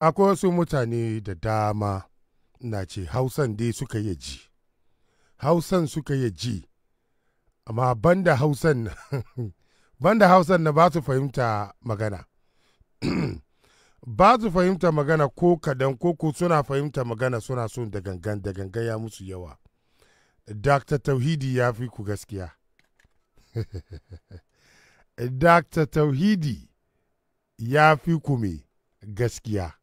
akwai wasu mutane da dama na ce hausan dai suka yi ji hausan suka yi ji amma banda hausan banda hausan na ba su fahimta magana ba su fahimta magana ko kadan ko ko suna fahimta magana suna son da gangan da gangan ya musu yawa dr tauhidi ya fi ku gaskiya dr tauhidi ya fi ku me gaskiya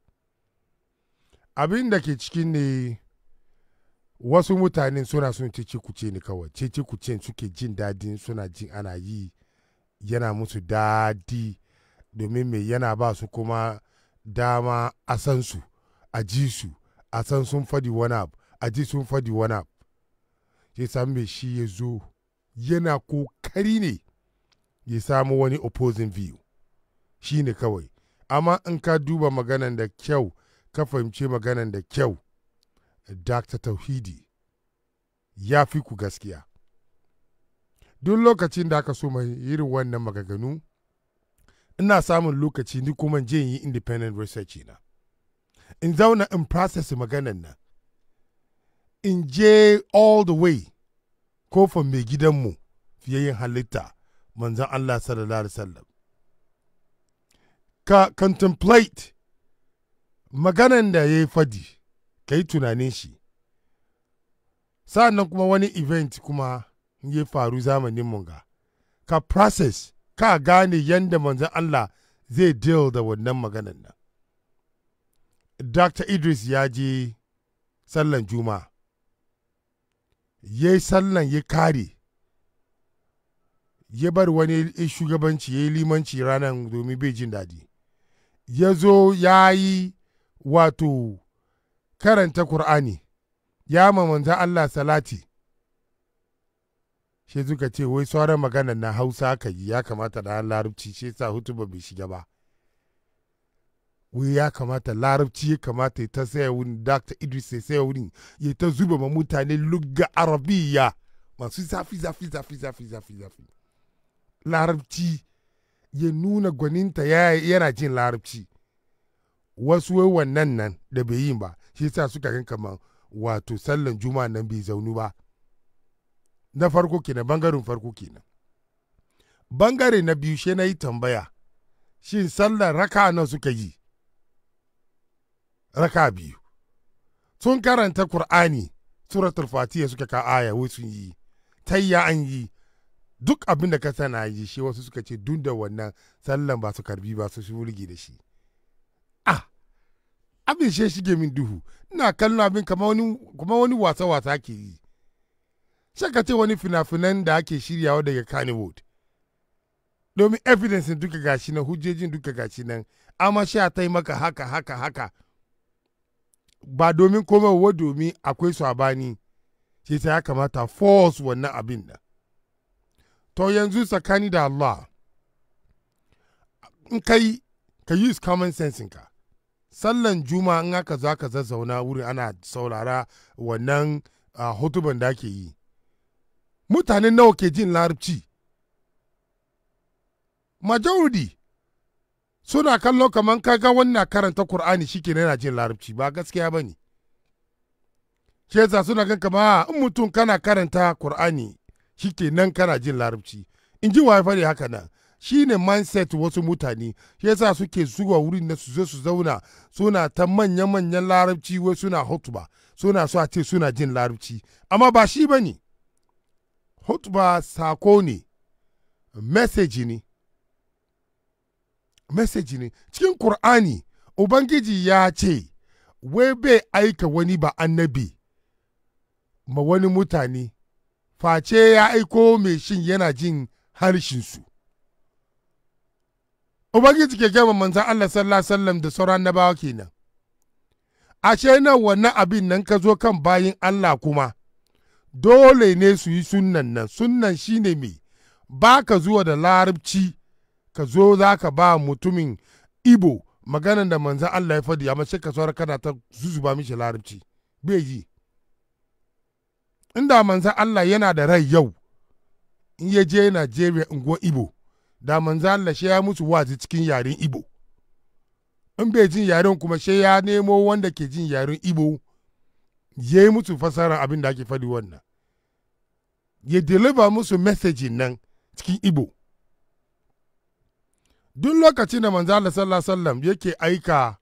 abin da ke cikin ne wasu mutane suna son cece kuce ne kawai cece kuce suke jin daɗi suna jin ana yi yana musu daɗi domin mai yana ba su kuma dama a san su a ji su a san sun fadi wani abu a ji sun fadi wani abu ya san mai shi ya zo yana kokari ne ya samu wani opposing view shi ne kawai amma in ka duba maganan da kyau ka fahimci maganan da kyau dr tauhidi ya fi ku gaskiya duk lokacin da aka so mai irin wannan magaganu ina samun lokaci ni kuma je yi independent research na in zauna in process maganan nan in je all the way kofar mai gidanmu fiye yin halitta manzan Allah sallallahu alaihi wasallam ka contemplate maganan da ya yi fadi ka yi tunanin shi sa'annan kuma wani event kuma ya faru zamanin munga ka process ka gane yadda manzan Allah zai deal da wannan maganan nan Dr. Idris ya je sallan juma ya yi sallan ya kare ya bar wani shugabanci ya yi limanci ranar domin bai jin daɗi ya zo ya yi wato karanta Kur'ani, ya ma Allah salati. Shi suka ce, wai sauran maganar na Hausa ka yi ya kamata da larabci shi sa hutu ba bai shiga ba. wai ya kamata larabci ya kamata ya ta saya wurin dr idris ya saya wurin ya ta zuba ma mutane lugga arabiya masu zafi zafi zafi zafi zafi zafi larabci ya nuna gwaninta yana jin larabci wasu wannan nan da bai yi ba shi sa suka gan kaman wato sallan juma'a nan bai zaunu ba na farko kenan bangaren farko kenan bangare na biyu shi na yi tambaya shi sallar raka nan suka yi raka biyu sun karanta Kur'ani suratul Fatiha suka ka aya wai sun yi tayya an yi duk abin da ka sana yi shi wasu suka ce duk da wannan sallan ba su karbi ba su shulgi da shi abin shi shige min duhu ina kallon abin kamar wani wasa wasa ke yi shaka ce wani fina-finan da ake shiryawa daga Kannywood domin evidence duka gashi nan hujjejin duka gashi nan amma sha ta maka haka haka haka ba domin komai wa domin akwai sabani shi ta ya kamata force wannan abin da to yanzu tsakani da Allah in kai ka use common sense ka sallan juma'a in aka za ka zazzauna wuri ana saurara wannan hutuban da ke yi mutane nawa ke jin larabci majority suna kallo kamar kaga wannan karanta Kur'ani shi kenan jin larabci ba gaskiya ba ne. Shi suna gan kama ah, in mutum kana karanta Kur'ani shi kenan kana jin larabci. In ji ya fare haka nan shine mindset wasu mutane shi yasa suke zuwa wurin na su su zauna suna ta manya-manyan larabci wai suna hotuba suna so a ce suna jin larabci amma ba shi ba ne hotuba sako ne message ne message ne cikin kur'ani ubangiji ya ce wai bai aika wani ba annabi ma wani mutane face ya aiko mai shin yana jin harshensu ubangiji ke gaba manzan Allah sallallahu alaihi wasallam da sauran na bawa kenan ashe nan wannan abin nan ka zo kan bayin Allah kuma dole ne su yi sunnan nan shi ne me ba ka zuwa da larabci ka zo za ka ba mutumin ibo maganan da manzan Allah ya faɗi amma shi ka saura kana ta zuzuba mishi larabci bai yi inda manzan Allah yana da rai yau in ya je Najeriya go ibo da manzo Allah shi ya musu wazi cikin yaren ibo in bai jin yaren kuma shi ya nemo wanda ke jin yaren ibo ya yi musu fasara abin da ake faɗi wannan ya deliver musu messaging nan cikin ibo. duk lokacin da manzo Allah sallallahu alaihi wasallam yake aika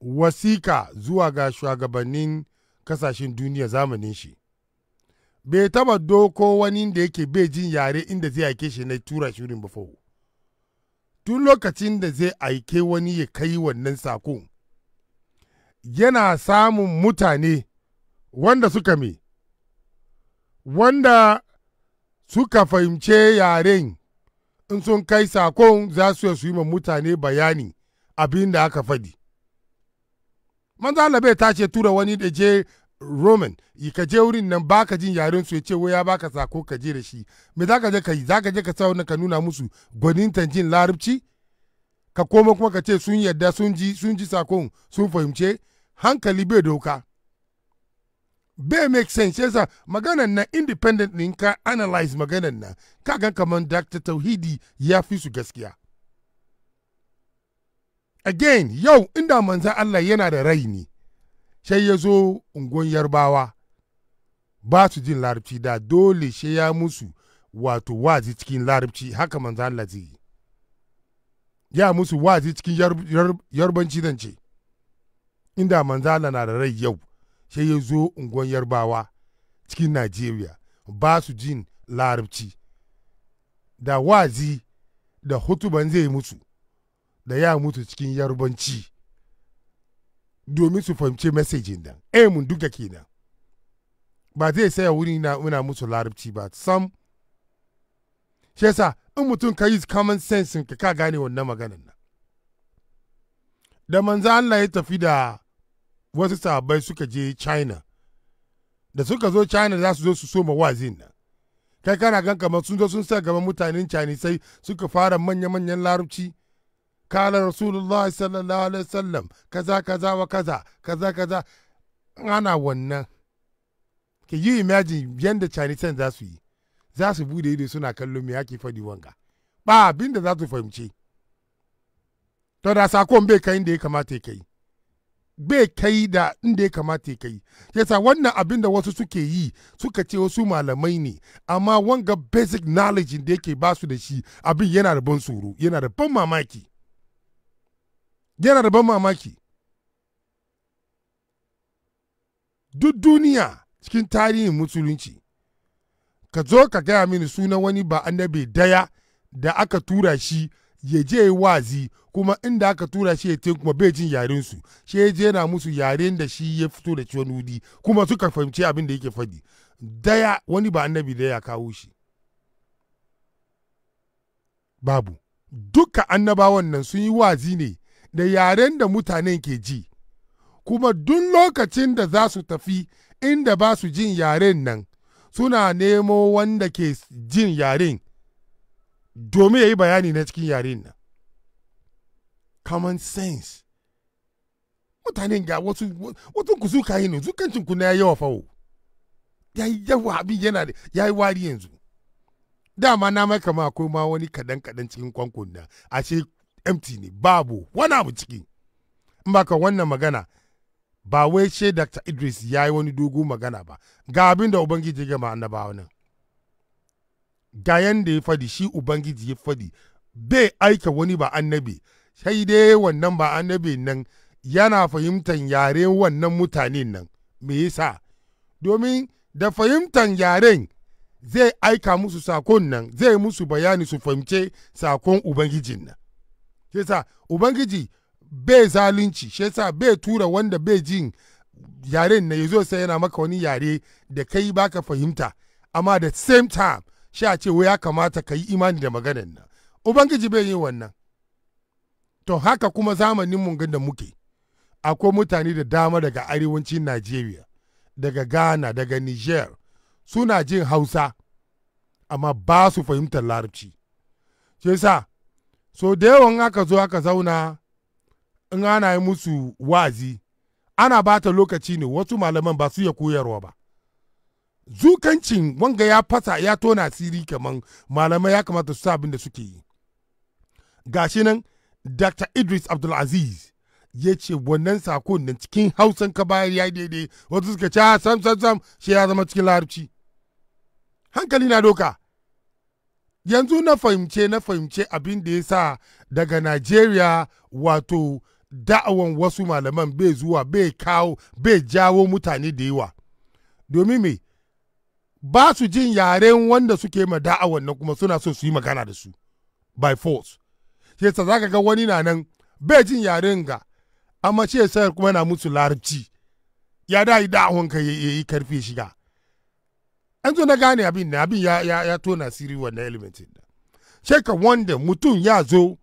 wasika zuwa ga shugabannin kasashen duniya zamanin shi bai taba doko wani da yake bai jin yare inda zai ake shi na tura shirin ba tun lokacin da zai aike wani ya kai wannan sako yana samun mutane wanda suka me wanda suka fahimce yaren in sun kai sakon za su su yi ma mutane bayani abin da aka faɗi. Manzo bai tace tura wani da je roman ka je wurin nan baka jin yaren su ya ce wai ya baka sako ka je da shi me zaka je ka yi zaka je ka sa wannan ka nuna musu gwanintan jin larabci ka koma kuma ka ce sun yadda sun ji sun ji sakon sun fahimce hankali bai doka bai make sense yasa maganan na independent din ka analyze maganan na kaga kamar dr tauhidi ya fi su gaskiya again yau inda manzan allah yana da rai ne sai ya zo ungon yarbawa ba su jin larabci da dole sai ya musu wato wazi cikin larabci haka manzan ya musu wazi cikin yarbanci zan ce inda manzala na da rai yau sai ya zo ungon yarbawa cikin Najeriya ba su jin larabci da wazi da hutuban zai musu da ya mutu cikin yarbanci domin su fahimce messaging nan eh, mun duka kenan ba zai saya wuri na muna musu larabci ba sam shi yasa in mutum ka yi common sense ka ka gane wannan maganan nan da manzo Allah ya tafi da wasu sahabbai suka je China da suka zo China za su zo su soma wazin nan kai kana gan kamar sun zo sun sa gaban mutanen Chinese sai suka fara manya-manyan larabci kala rasulullahi sallallahu alaihi wasallam kaza kaza wa kaza kaza kaza ana wannan ke yi imagine yadda chinese za su yi za su bude ido suna kallo me ake faɗi wanga ba abin da za su fahimci to da sakon bai kai inda ya kamata kai bai kai da inda ya kamata kai yasa wannan abin da wasu suke yi suka ce wasu malamai ne amma wanga basic knowledge da yake su da shi abin yana da ban tsoro yana da ban mamaki yana da ban mamaki duk duniya cikin tarihin musulunci ka zo ka gaya mini sunan wani ba annabi daya da aka tura shi ya je wazi kuma inda aka tura shi ya kuma bai jin yaren su shi ya je na musu yaren da shi ya fito da ciwon wudi kuma suka fahimci abin da yake faɗi daya wani ba annabi daya kawo shi babu duka annabawan nan sun yi wazi ne da yaren da mutanen ke ji, kuma duk lokacin da za su tafi inda ba su jin yaren nan suna nemo wanda ke jin yaren domin ya yi bayani na cikin yaren nan. Common sense. Mutanen ga wasu, ku suka yi ne, zukancin ku na yawa fawo. Ya yi yawa abin yana da, ya yi wari yanzu. Dama na mai kama akwai ma wani kadan-kadan cikin kwankon nan, ashe empty ne babu wani abu ciki in baka wannan magana ba wai ce Dr. Idris ya yi wani dogo magana ba ga abin da Ubangiji ya gama annabawa nan ga yanda ya fadi shi Ubangiji ya fadi bai aika wani ba annabi sai dai wannan ba annabi nan yana fahimtar yare wannan mutane nan me yasa domin da fahimtar yaren zai aika musu sakon nan zai musu bayani su fahimce sakon ubangijin nan shi yasa ubangiji bai zalunci shi yasa bai tura wanda bai jin yaren na yazo sai yana maka wani yare da kai baka fahimta amma da same time sha ce wai ya kamata ka yi imani da maganar nan ubangiji bai yi wannan to haka kuma zamanin mun da muke akwai mutane da dama daga arewacin najeriya daga ghana daga niger suna jin hausa amma ba su fahimtar larabci shi yasa so da yawan aka zo aka zauna in ana yi musu wazi ana bata lokaci ne wasu malaman ba su ya koyarwa ba zukancin wanga ya fasa ya tona asiri kaman malamai ya kamata su abin da suke yi gashi nan dr idris abdulaziz ya ce wannan sakon nan cikin hausan ka bayar ya daidai wasu suka ce ah, sam sam sam shi ya zama cikin larabci hankali na doka yanzu na fahimce na fahimce abin da ya sa daga Najeriya wato da'awan wasu malaman bai zuwa bai kawo bai jawo mutane da yawa domin me ba su jin yaren wanda suke ma da'awan nan kuma suna so su yi magana da su by force ce sa zaka ga wani na nan bai jin yaren ga amma ce sayar kuma na musu larabci ya da yi da'awan ka yi karfe shiga an zo na gane abin na abin ya, ya, ya tona siri wannan elementin da sai ka wanda mutum ya zo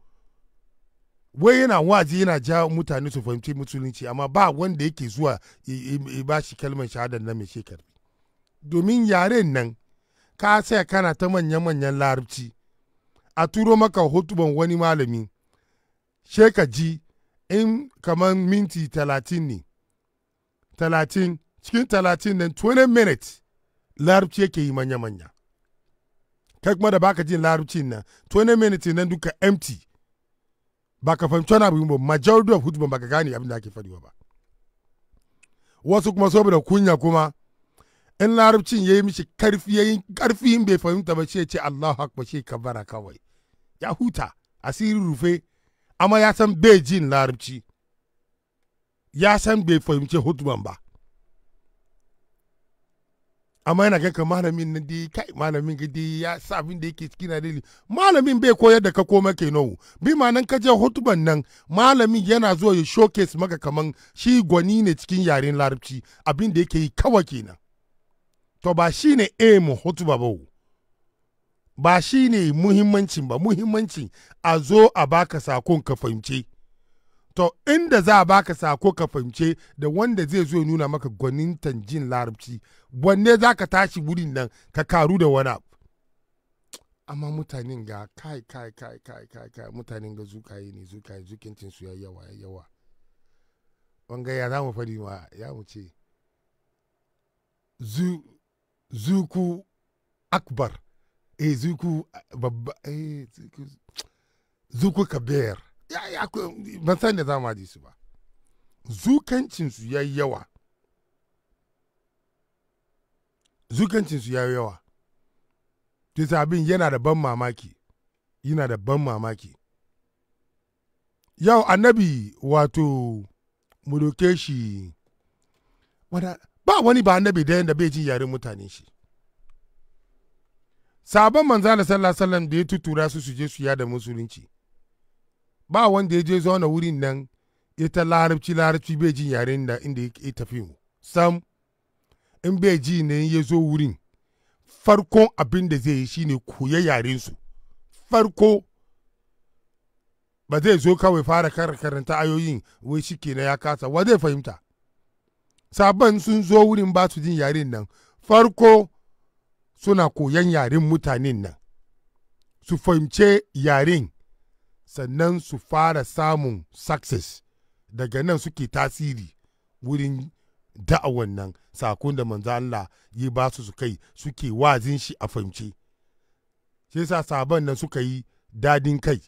wai yana wazi yana ja mutane su fahimci musulunci amma ba wanda yake zuwa ba shi kalmar shahadar na mai shekaru domin yaren nan ka saya kana ta manya-manyan larabci a turo maka hotuban wani malami sheka ji in kamar minti talatin ne talatin cikin talatin nan 20 minutes larabci yake yi manya-manya kai kuma da baka jin larabcin nan 20 minutes nan duka empty ba ka fahimci wani abu majority of hutuban ba ka gane abin da ake faruwa ba wasu kuma saboda kunya kuma in larabcin ya yi mishi karfi ya yi karfi in bai fahimta ba ce Allahu akbar ka bara kawai ya huta asiri rufe amma ya san bai jin larabci ya san bai fahimci hutuban ba amma yana ganka malamin nan dai kai malamin ga dai ya sa abin da yake cikin adili malamin bai koyar da ka komai kenan bi ma nan ka je hutuban nan malamin yana zuwa ya showcase maka kaman shi gwani ne cikin yaren larabci abin da yake yi kawai kenan to ba shine mu hutuba ba ba shine muhimmancin ba muhimmancin a zo a baka sakon ka fahimce to inda za a baka sako ka fahimce da wanda zai zo nuna maka gwanintan jin larabci wanne za ka tashi wurin nan ka karu da wani abu amma mutanen ga kai kai kai kai kai kai mutanen ga zukaye ne zukaye zukincin su ya yawa ya yawa wanga ya zamu fari ma ya mu ce zu zuku akbar eh zuku babba eh zuku zuku kabir ban san da za mu ji su ba zukancinsu ya yi yawa zukancinsu ya yi yawa tuta abin yana da ban mamaki yana da ban mamaki yau annabi wato mu doke shi ba wani ba annabi da yadda bai jin yaren mutane shi sabon manzana sallallahu alaihi wasallam da ya tutura su su je su yada musulunci ba wanda ya je zauna wurin nan ita larabci larabci bai jin yaren da inda ya tafi mu sam in bai ji ne ya zo wurin farkon abin da zai yi shine koya yaren su farko ba zai zo kawai fara karanta ayoyin wai shi kenan ya kasa wa zai fahimta sabon sun zo wurin ba su jin yaren nan farko suna koyan yaren mutanen nan su fahimce yaren sannan su fara samun success daga nan suke tasiri wurin da'awan nan sakon da manzo Allah yi ba su su kai suke wazin shi a fahimce shi yasa sabon nan suka yi dadin kai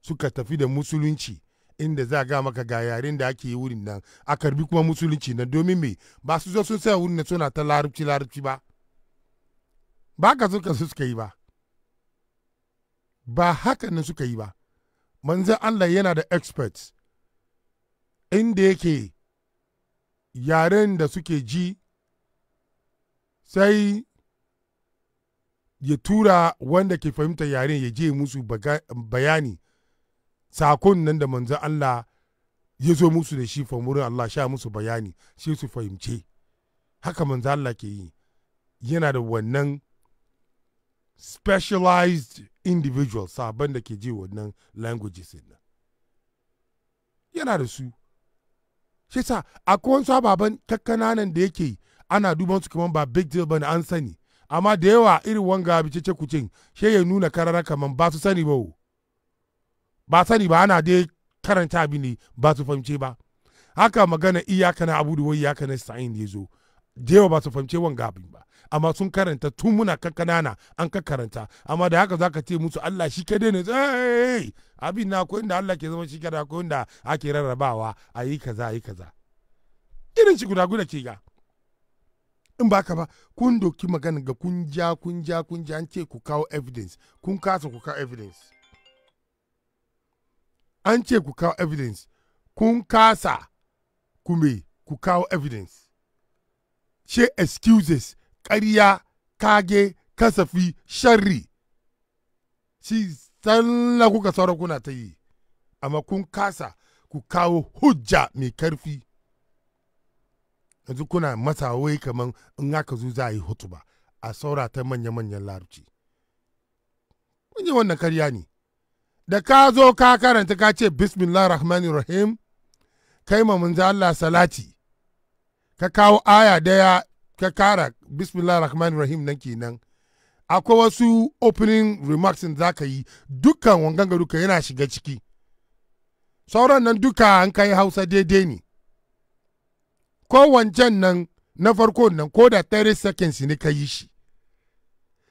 suka tafi da musulunci inda za ga maka ga yaren da ake yi wurin nan a karbi kuma musulunci nan domin me ba su zo sun saya wurin nan suna ta larabci larabci ba ba ka suka suka yi ba ba haka nan suka yi ba manzan Allah yana da experts inda yake yaren da suke ji sai ya tura wanda ke fahimta yaren ya je musu bayani sakon nan da manzan Allah ya zo musu da shi famurin Allah sha musu bayani shi su fahimce haka manzan Allah ke yi yana da wannan specialized individuals sabon da ke ji wannan languages nan yana da su shi sa akwai wani sababan kakkananan da yake ana duban su kamar ba big deal bane an sani amma da yawa irin wanga bi cece kucin shi ya nuna karara kamar ba su sani ba ba sani ba ana dai karanta bi ne ba su fahimce ba haka magana iyaka na abu da wai iyaka na sa'in ya zo da yawa ba su fahimce wanga abin ba amma sun karanta tun muna kankanana an ka karanta amma da haka zaka ce musu Allah shi kadai ne abin na akwai inda Allah ke zama shi kadai akwai inda ake rarrabawa a yi kaza a yi kaza irin shi guda guda ke ga in ba ka ba kun doki magana ga kun ja kun ja kun ja an ce ku kawo evidence kun kasa ku kawo evidence an ce ku kawo evidence kun kasa kume ku kawo evidence she excuses ƙarya kage kasafi sharri shi tsalla kuka saura kuna ta yi amma kun kasa ku kawo hujja mai karfi yanzu kuna masa wai kamar in aka zu za a yi hutu ba a saura ta manya-manyan larabci kun yi wannan karya ne da ka zo ka karanta ka ce bismillah rahmanir rahim kai ma manzo Allah salati ka kawo aya daya ka kara bismillah rahman rahim nan kenan akwai wasu opening remarks da za ka yi dukkan wangan garuka yana shiga ciki sauran nan duka an kai hausa daidai ne ko nan na farko nan ko da 30 seconds ne ka yi shi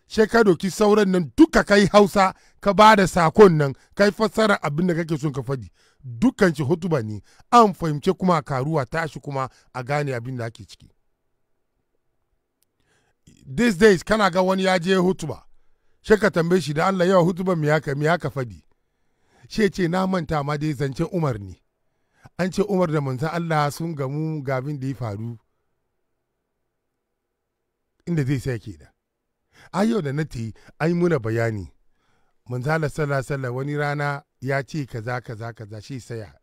sai ka doki sauran nan duka kai hausa ka ba da sakon nan kai yi fassara abin da kake son ka faɗi dukkan shi hutuba ne an fahimce kuma karuwa tashi kuma a gane abin da ake ciki these days kana ga wani ya je hutuba shi ka tambaye shi da Allah yawa hutuban me ya me haka fadi she ce na manta ma dai zancen Umar ne an ce Umar da manzon Allah sun gamu ga abin da ya faru inda zai sai kenan a yau da na yi ai muna bayani manzala sallasalla wani rana ya ce kaza kaza kaza shi saya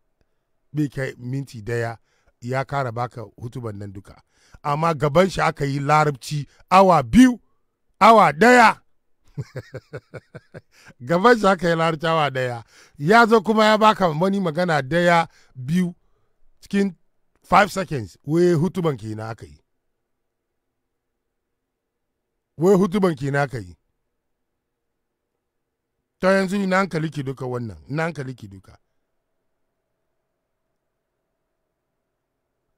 bai kai minti daya ya kara baka hutuban nan duka amma gaban shi aka yi larabci awa biyu awa ɗaya gaban shi aka yi larabci awa ɗaya ya zo kuma ya baka wani magana ɗaya biyu cikin 5 seconds wai hutuban ke na aka yi wai hutuban ke na aka yi ta yanzu ina hankali ki duka wannan ina hankali ki duka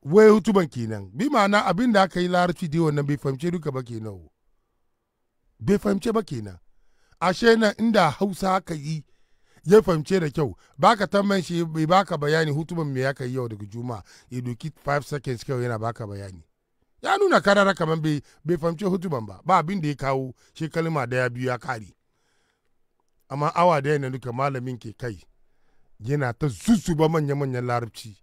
wai hutuban kenan bi ma'ana abin da aka yi larabci da wannan bai fahimce duka ba kenan bai fahimce ba kenan ashe na inda hausa aka yi ya fahimce da kyau baka tambayan shi bai baka bayani hutuban me aka yi yau daga juma ya doki 5 seconds kyau yana baka bayani ya nuna karara kamar bai fahimce hutuban ba ba abin da ya kawo shi kalma ya biyu ya kare amma awa daya na duka malamin ke kai yana ta zuzzuba manya-manyan larabci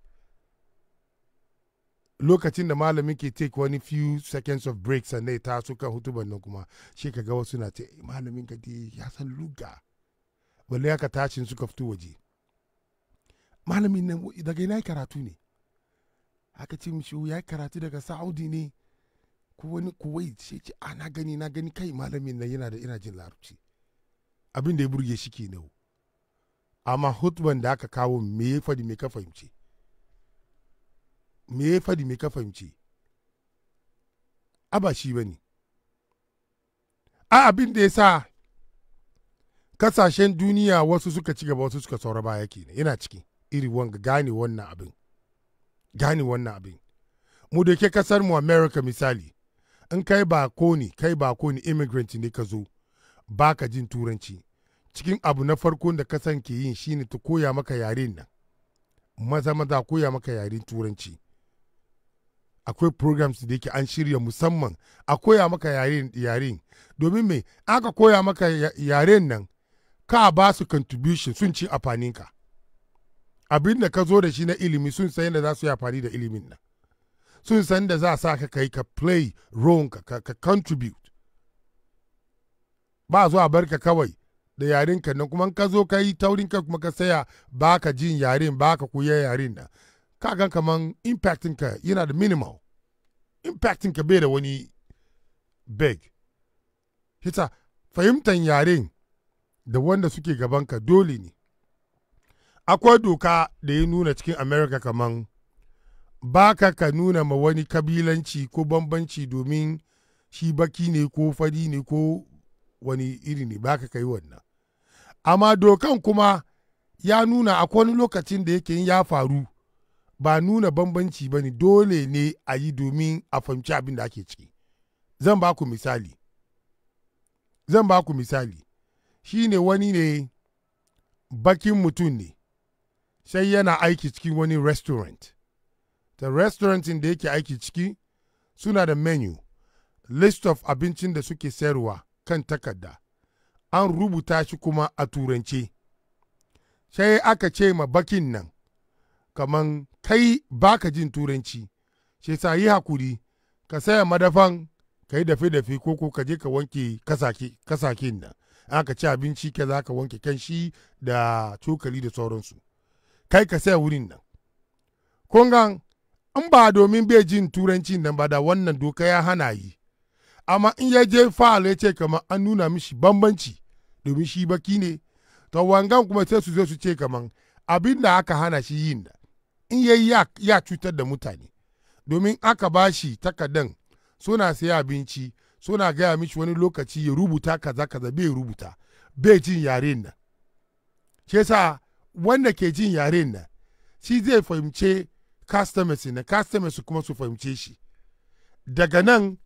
lokacin da malamin ke take wani few seconds of break sannan ta suka hutuban nan kuma shi ka ga wasu na ce eh, malamin ka ya san luga balle ka tashin suka fito waje malamin nan daga ina karatu ne aka ce mishi oh, ya karatu daga saudi ne ko wani kuwait shi ce a ah, na gani na gani kai malamin nan yana da ina jin larabci abin da ya burge shi ke nau amma hutuban da aka kawo me ya faɗi me ka fahimci. me ya faɗi me ka fahimci a ba shi ba ne a abin da ya sa kasashen duniya wasu suka ci gaba wasu suka saura baya kenan yana ciki iri wanga gane wannan abin gane wannan abin mu da ke kasar mu america misali in kai ko ne kai ko ne immigrant ne ka zo ba ka jin turanci cikin abu na farko da kasan ke yin shine ta koya maka yaren nan maza maza koya maka yaren turanci akwai programs da yake an shirya musamman a koya maka yaren domin mai aka koya maka yaren nan ka ba su contribution sun ci amfaninka abin da ka zo da shi na ilimi sun san yadda za su yi amfani da ilimin nan sun san da za sa ka kai ka play role ka ka contribute ba zuwa barka kawai da yarenka nan kuma ka zo ka yi taurin ka kuma ka saya baka jin yaren baka ka koya yaren nan ka kaman impacting ka yana da minimal impacting ka bai da wani big hita fahimtan yaren da wanda suke gaban ka dole ne akwai doka da ya nuna cikin america kaman baka ka nuna ma wani kabilanci ko bambanci domin shi baki ne ko fadi ne ko wani iri ne baka ka yi wannan amma dokan kuma ya nuna akwai wani lokacin da yake ya faru ba nuna bambanci ba ne dole ne a yi domin a fahimci abin da ake ciki zan ba ku misali zan ba ku misali shi ne wani ne bakin mutum ne sai yana aiki cikin wani restaurant da restaurantin da yake aiki ciki suna da menu list of abincin da suke sayarwa kan takarda an rubuta shi kuma a turance sai aka ce ma bakin nan kaman kai baka jin turanci shi sa yi hakuri ka saya madafan ka yi dafe-dafe ko ko ka je ka wanke kasake nan aka ci abinci ka za ka wanke kan shi da cokali da sauransu kai ka saya wurin nan gan in ba domin bai jin turanci nan ba da wannan doka ya hana yi amma in ya je fa'al ya ce kamar an nuna mishi bambanci domin shi baki ne to wangan kuma sai su zo su ce kamar abin da aka hana shi yin da in yayi ya, ya cutar da mutane domin aka ba shi takadan suna saya abinci suna gaya mishi wani lokaci ya rubuta kaza kaza bai rubuta bai jin yaren nan ke sa wanda ke jin yare nan shi zai fahimce customers na customers kuma su fahimce shi daga nan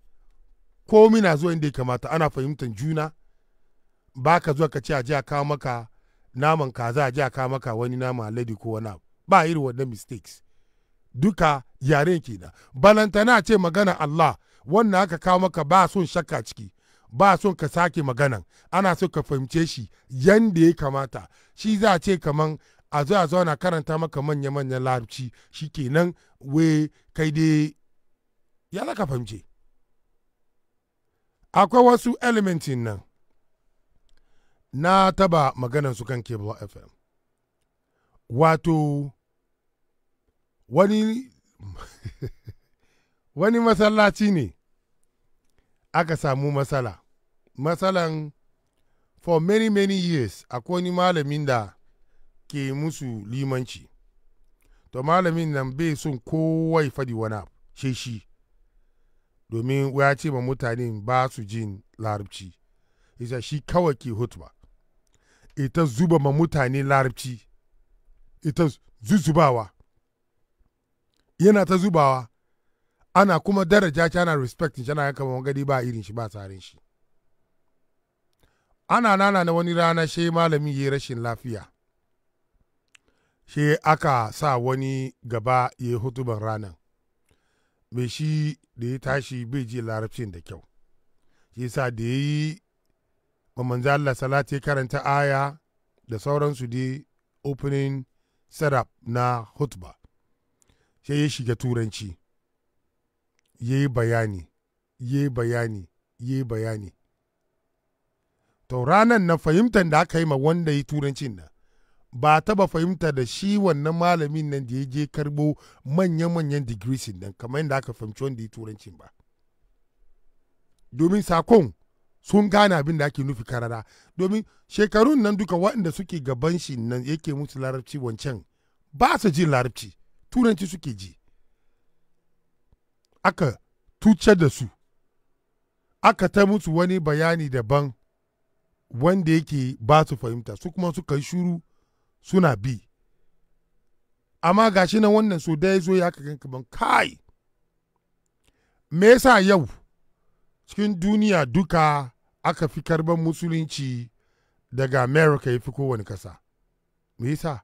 komi na zuwa inda ya kamata ana fahimtar juna ba ka zuwa ka ce a ji a kawo maka naman kaza a ji kawo maka wani nama alade ko wani abu ba irin wannan mistakes duka yaren kenan balantana ce magana Allah wannan aka kawo maka ba son shakka ciki ba son ka sake magana ana so ka fahimce shi yanda ya kamata shi za a ce kaman a zo a zo na karanta maka manya-manyan larabci shi kenan we kai dai ya laka fahimce akwai wasu elementin nan na taba maganan su kan cable fm wato wani wani masallaci ne aka samu matsala matsalan for many many years akwai wani malamin da ke musu limanci to malamin nan bai son kowai fadi wani abu shi shi domin ya ce ma mutane ba su jin larabci isa shi kawai ke hutba ita zuba ma mutane larabci ita zuzubawa yana ta zubawa ana kuma daraja shi ana respect shi ana yanka gadi ba irin shi ba tsarin shi ana nana na wani rana shi malami ya rashin lafiya shi aka sa wani gaba ya yi hutuban ranar mai shi da ya tashi bai ji larabcin da kyau shi sa da ya yi manzo Allah salati karanta aya da sauransu dai opening setup na hutba sai ya shiga turanci ya yi bayani ya yi bayani ya yi bayani to ranar na fahimtar da aka yi ma wanda ya turancin nan ba taba fahimta da shi wannan malamin nan da ya je karbo manya-manyan degrees nan kamar yadda aka fahimci wanda ya turancin ba domin sakon sun gane abin da ake nufi karara domin shekarun nan duka waɗanda suke gaban shi nan yake musu larabci wancan ba su jin larabci turanci suke ji aka tuce da su aka ta musu wani bayani daban wanda yake ba su fahimta su kuma suka yi shuru suna bi amma gashi na wannan so da ya zo ya kai kaman kai me yasa yau cikin duniya duka aka fi karban musulunci daga america ya fi kowane kasa me yasa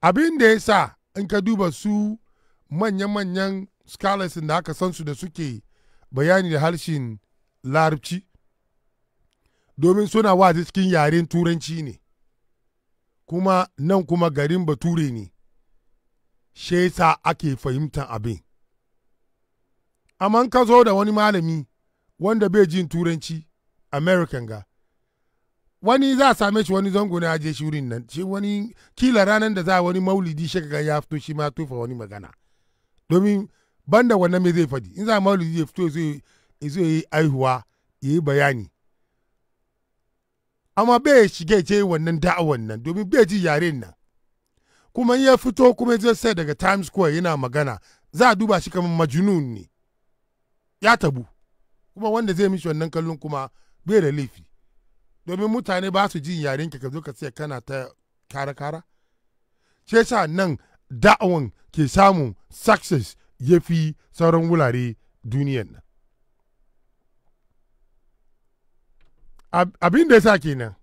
abin da ya sa in ka duba su manya-manyan scholars da aka san su da suke bayani da harshen larabci domin suna wata cikin yaren turanci ne kuma nan kuma garin bature ne shesa ake fahimtar abin amma ka zo da wani malami wanda bai jin turanci american ga wani za a same shi wani zango na je shi wurin nan shi wani kila ranar da za a wani maulidi shi ga ya fito shi ma tufa wani magana domin banda wannan mai zai fadi in za a maulidi ya fito ya zo yi aihuwa ya yi bayani amma bai shiga ce wannan da'awan nan domin bai ji yaren nan kuma ya fito kuma zai sai daga times square yana magana za a duba shi kamar majnun ne ya tabu kuma wanda zai mishi wannan kallon kuma bai da laifi domin mutane ba su jin yaren ka zo ka ce kana ta kara kara ce sa nan da'awan ke samun success ya fi sauran wulare duniyan nan abin da ya sa nan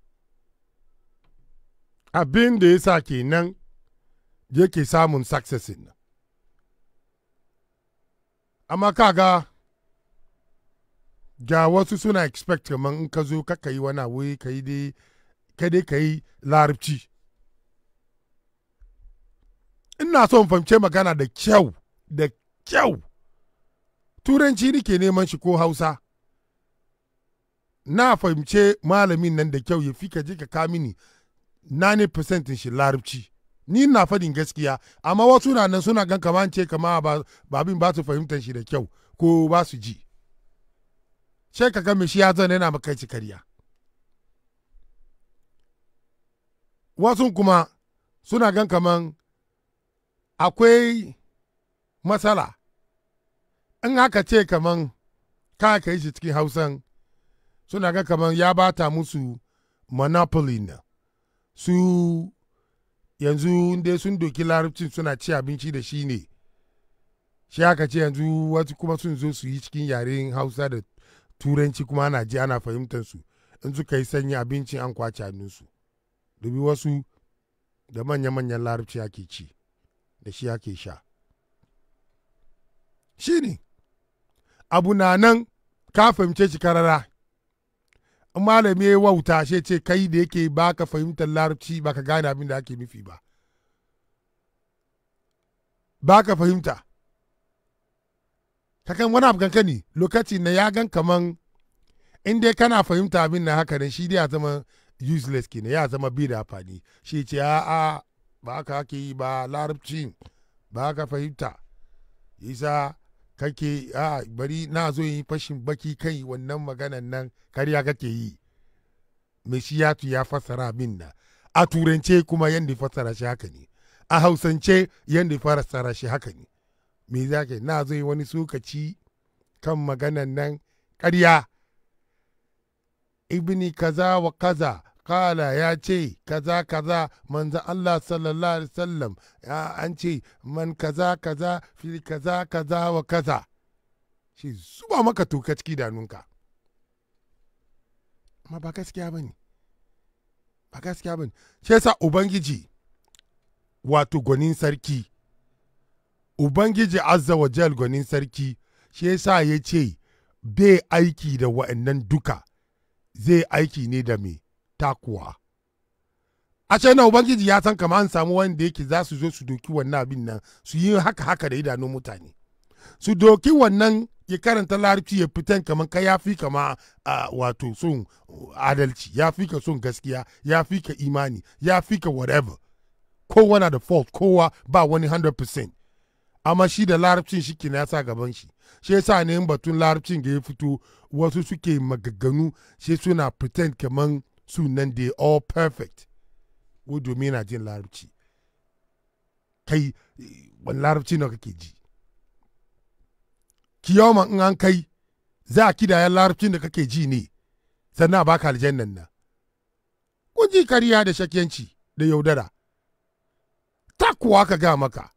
abin da ya sa nan yake samun success nan amma kaga ga wasu suna expect kamar in ka zo ka yi wani abu ka yi dai ka dai yi larabci ina son fahimce magana da kyau da kyau turanci nike neman shi ko hausa na fahimce malamin nan da kyau ya fi ka je ka mini 90% shi larabci ni na fadin gaskiya amma wasu na nan suna gan kama ce kama ba abin ba su fahimtar shi da kyau ko ba su ji sai ka gami shi ya zana yana maka ci karya wasu kuma suna gan kaman akwai matsala in aka ce kaman ka ka yi shi cikin hausan suna gan kaman ya bata musu monopoly na su yanzu dai sun doki larabcin suna ci abinci da shi ne shi aka ce yanzu wasu kuma sun zo su yi cikin yaren hausa da turanci kuma ana ji ana fahimtar su in suka yi sanya abincin an kwace hannunsu dubi wasu da manya-manyan larabci ake ci da shi ake sha shi ne abu na nan ka fahimce shi karara in malami ya wauta shi ce kai da yake ba ka fahimtar larabci ba ka gane abin da ake nufi ba ba ka fahimta kan wani abu kankani lokaci na ya gan kaman in dai kana fahimta abin na haka shi dai ya zama useless kenan ya zama bi da amfani shi ce a ba haka ake yi ba larabci ba haka fahimta isa kake a bari na zo yi fashin baki kai wannan maganan nan karya kake yi mai shi ya ya fassara min na a turance kuma yadda fassara shi haka ne a hausance yadda fassara shi haka ne me za ka na zo wani sokaci kan maganan nan ƙarya ibni kaza wa kaza kala ya ce kaza kaza manzan Allah sallallahu alaihi wasallam an ce man kaza kaza Fi kaza kaza wa kaza shi zuba maka toka ciki da nunka amma ba gaskiya bane ba gaskiya bane shi sa ubangiji wato gwanin sarki Ubangiji Azza wa Jal gwanin sarki shi ya sa ya ce bai aiki da wa'annan duka zai aiki ne da mai takuwa. A na Ubangiji ya san kama an samu wanda yake za su zo su doki wannan abin nan su yi haka haka da idanun mutane. Su doki wannan ya karanta larabci ya fitan kamar ka ya fi kama uh, wato sun adalci ya fi ka sun gaskiya ya fi ka imani ya fi ka whatever kowa na da fault kowa ba wani 100% amma shi da larabcin shi ke nasa gaban shi shi yasa ne batun larabcin da ya fito wasu suke magagganu shi suna pretend kaman su nan da all perfect ko domin na jin larabci kai wani larabci na kake ji kiyama in an kai za a kidaya larabcin da kake ji ne sannan a baka aljannan nan kun ji kariya da shakyanci da yaudara ta kuwa ka ga maka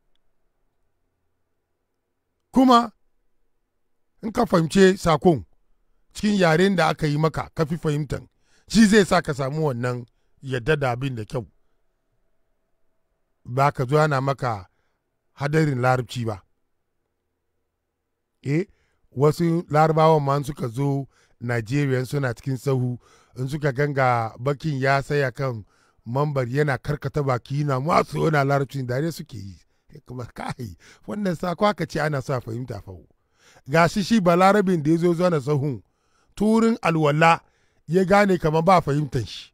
kuma in ka fahimce sakon cikin yaren da aka yi maka ka fi fahimtan shi zai sa ka samu wannan yadda da abin da kyau ba ka zo ana maka hadarin larabci ba eh wasu larabawan ma suka zo Najeriya suna cikin sahu in suka ganga bakin ya saya kan mambar yana karkata baki na masu yana larabcin dare suke yi kuma kai wannan sako aka ce ana sa fahimta fa ga shi shi balarabin da ya zo zuwa na sahun turin alwala ya gane kamar ba fahimtar shi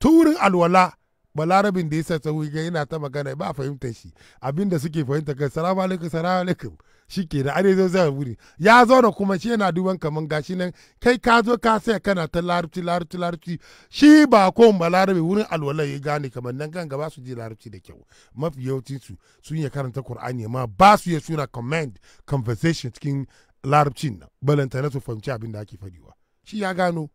turin alwala balarabin da ya sa tsawo ga yana ta magana ba fahimtar shi abinda da suke fahimta kai salamu alaikum salamu alaikum shi ke da are zai zai wuri ya zo da kuma shi yana duban kaman gashi nan kai ka zo ka sai kana ta larabci larabci larabci shi ba ko balarabe wurin alwala ya gane kaman nan kan gaba su ji larabci da kyau mafi yawancin su sun ya karanta qur'ani amma ba su ya suna command conversation cikin larabcin nan balantana su fahimci abin da ake fadiwa shi ya gano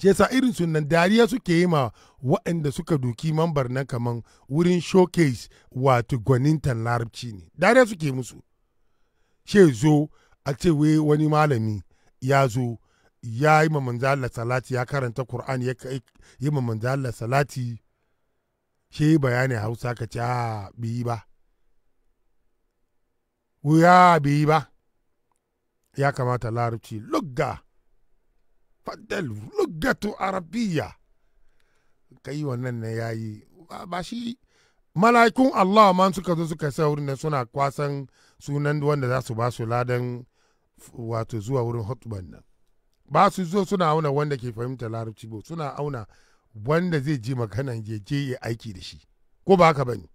shi yasa irin sunan dariya suke yi ma waɗanda suka duki mambar na kaman wurin showcase wato gwanintan larabci ne dariya suke musu she zo a ce wai wani malami ya zo ya yi ma manzala salati ya karanta qur'ani ya yi ma manzala salati shi bayani hausa ka ce a bi ba ba ya kamata larabci lugga fadal lugatu arabiya kai wannan ne yi ba shi mala'ikun Allah ma suka zo suka sa wurin da suna kwasan sunan wanda za su ba su ladan wato zuwa wurin hotban nan ba su zo suna auna wanda ke fahimta larabci ba suna auna wanda zai ji maganan ya je ya aiki da shi ko ba haka bane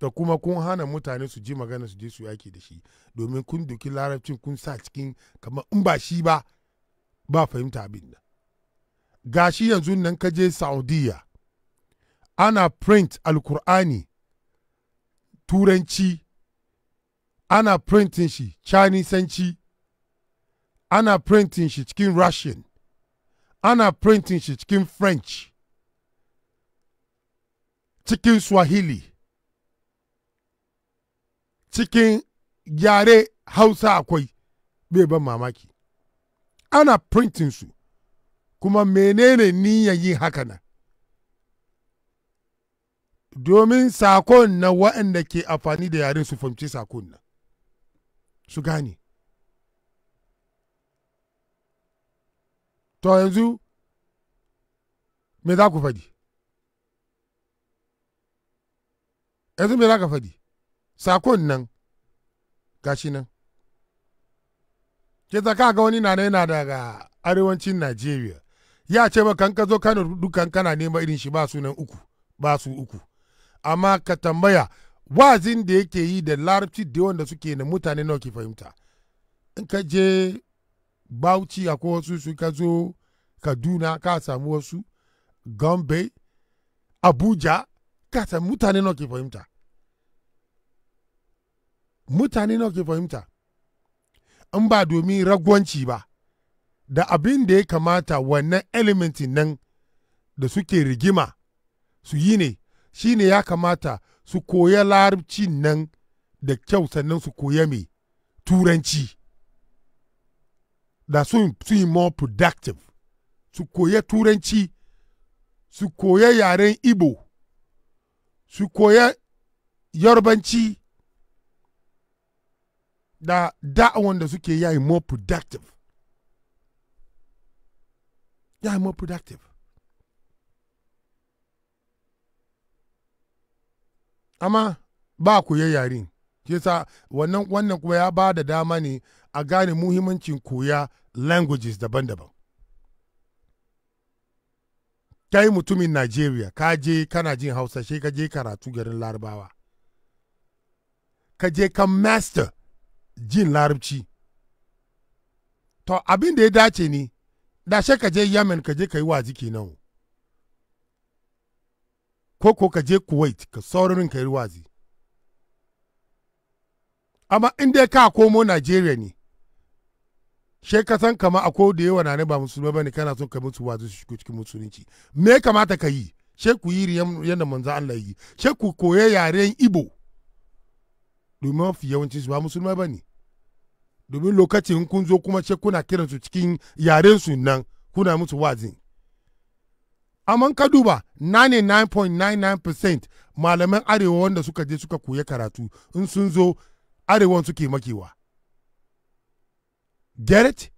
da kuma kun hana mutane su ji magana su je su aiki da shi domin kun duki larabcin kun sa cikin kamar in ba shi ba ba fahimta abin nan gashi yanzu nan ka je saudiya ana print alkur'ani turanci ana printin shi canisanci ana printin shi cikin russian ana printin shi cikin french cikin swahili cikin yare hausa akwai bai ban mamaki ana printin su kuma menene niyan yin haka nan domin sakon na waɗanda ke amfani da yaren su fahimci sakon nan su gane to yanzu me za ku faɗi yanzu me za ka faɗi sakon nan gashi nan ke ta ga wani na yana daga arewacin Najeriya ya ce ba kan ka zo Kano dukan kana neman irin shi ba sunan uku ba su uku amma ka tambaya wazin da yake yi da larabci da wanda suke na mutane nawa ke fahimta in ka je Bauchi akwai wasu su ka zo Kaduna ka samu wasu Gombe Abuja ka samu mutane nawa ke fahimta mutane nawa ke fahimta in ba domin ragwanci ba da abin da ya kamata wannan elementin nan da suke rigima su yi ne shi ne ya kamata su koya larabci nan da kyau sannan su koya mai turanci da su yi more productive su koya turanci su koya yaren igbo su koya yarbanci da da'awan wanda suke yayi more productive yayi more productive amma ba koya yarin yasa wannan wannan kuma ya ba da dama ne a gane muhimmancin koya languages daban-daban kai mutumin Najeriya ka je kana jin Hausa shi ka je karatu garin Larabawa ka je ka master jin larabci to abin da ya dace ne da she ka je yemen ka je ka yi wazi kenan ko ko ka je kuwait ka saurin ka yi wazi amma in dai ka komo nigeria ne she ka san kama a da yawa na ne ba musulmi ba ne kana son ka mutu wazi su shigo cikin musulunci me ya kamata ka yi she ku yi yadda manzo Allah yi she ku koye yaren ibo domin mafi yawancin su ba musulma ba ne domin lokacin kun zo kuma ce kuna kiran su cikin yaren su nan kuna musu wazin amma ka duba 99.99% malaman arewa wanda suka je suka koya karatu in sun zo arewa suke makewa Garrett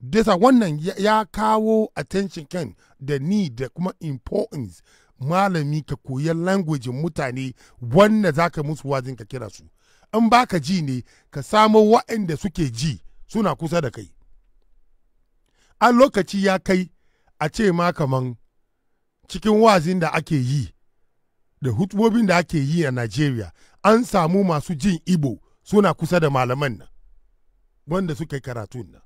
desa wannan ya kawo attention kan da need da kuma importance malami ka koyan langwajin mutane wanda za ka musu wazin ka kira su in ba ka ji ne ka samo waɗanda suke ji suna kusa da kai a lokaci ya kai a ce ma kaman cikin wazin da ake yi da hutubobin da ake yi a najeriya an samu masu jin ibo suna kusa da malaman nan wanda suka yi karatun nan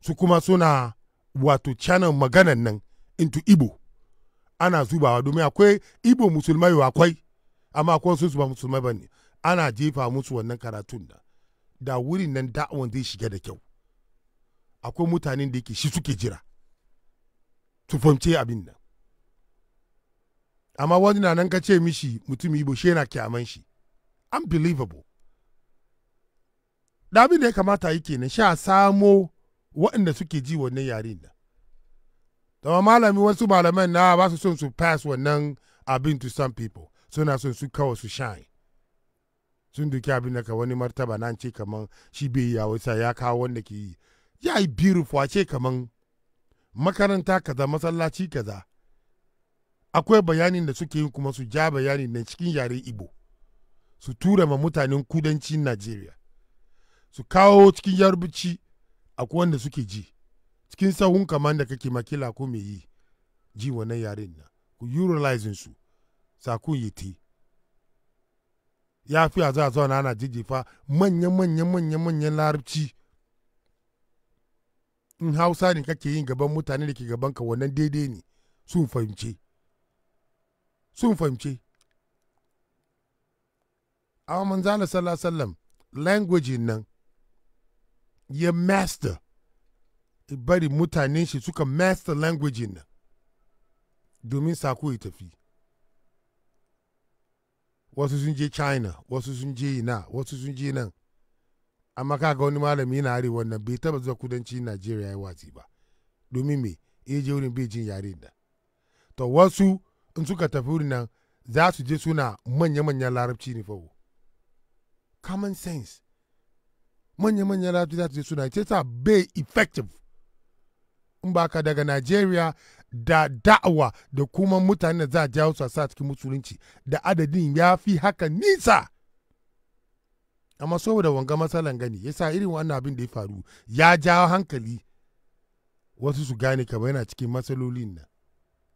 su kuma suna wato channel maganan nan into ibo ana zubawa domin akwai ibo musulmai akwai amma akwai sun zuba musulmai ba ne ana jefa musu wannan karatun da da wurin nan da'awan zai shiga da kyau akwai mutanen da yake shi suke jira su abin nan amma wani na nan ka ce mishi mutum ibo shi yana kyaman shi unbelievable da abin da ya kamata yi kenan sha samo waɗanda suke ji wannan yaren nan Dama malami wasu malaman na ba su son su pass wannan abin to some people suna son su kawai su shine. Sun duki abin da ka wani martaba nan ce kaman shi bai ya sa ya kawo wanda ke yi. Ya yi fuwa ce kaman makaranta kaza masallaci kaza. Akwai bayanin da suke yi kuma su ja bayani na cikin yare Igbo. Su tura ma mutanen kudancin Najeriya. Su kawo cikin yarbuci akwai wanda suke ji. cikin sahun kamar da kake makila ko me yi ji wannan yaren na ku utilizing su sakun yi te ya fi a za zauna ana jijjifa manyan manyan manyan manyan larabci in hausa ne kake yin gaban mutane da ke gaban ka wannan daidai ne sun fahimce sun fahimce amma manzana sallallahu alaihi wasallam language nan ya master bari mutanen shi suka master language nan domin sako ya tafi wasu sun je china wasu sun je ina wasu sun je nan amma kaga wani malami yana hari wannan bai taba zuwa kudanci nigeria ya watsi ba domin me ya je wurin bai jin yare da to wasu in suka tafi wurin nan za su je suna manya-manyan larabci ne fawo common sense manya-manyan larabci za su je suna ce sa bai effective in baka daga Najeriya da da'awa da kuma mutane da za a jawo su a sa cikin musulunci da adadin ya fi haka nisa amma saboda wanga matsalan gani yasa irin wannan abin da ya faru ya jawo hankali wasu su gane ka yana cikin matsalolin nan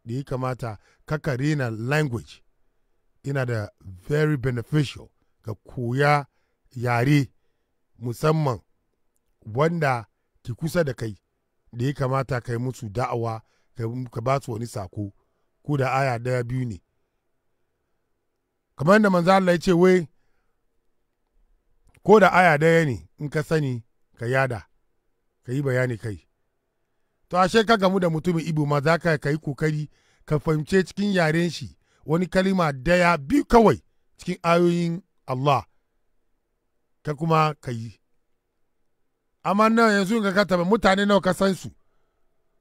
da ya kamata kaka rena language yana da very beneficial ga koya yare musamman wanda ke kusa da kai da ya kamata ka yi musu da'awa ka ba su wani sako ko da aya daya biyu ne kamar da manzo Allah ya ce wai ko da aya daya ne in ka sani ka yada ka yi bayani kai to ashe ka gamu da mutumin ibo ma za ka yi kokari ka fahimce cikin yaren shi wani kalima daya biyu kawai cikin ayoyin Allah ka kuma ka yi amma nan yanzu ga ka taba mutane nawa ka san su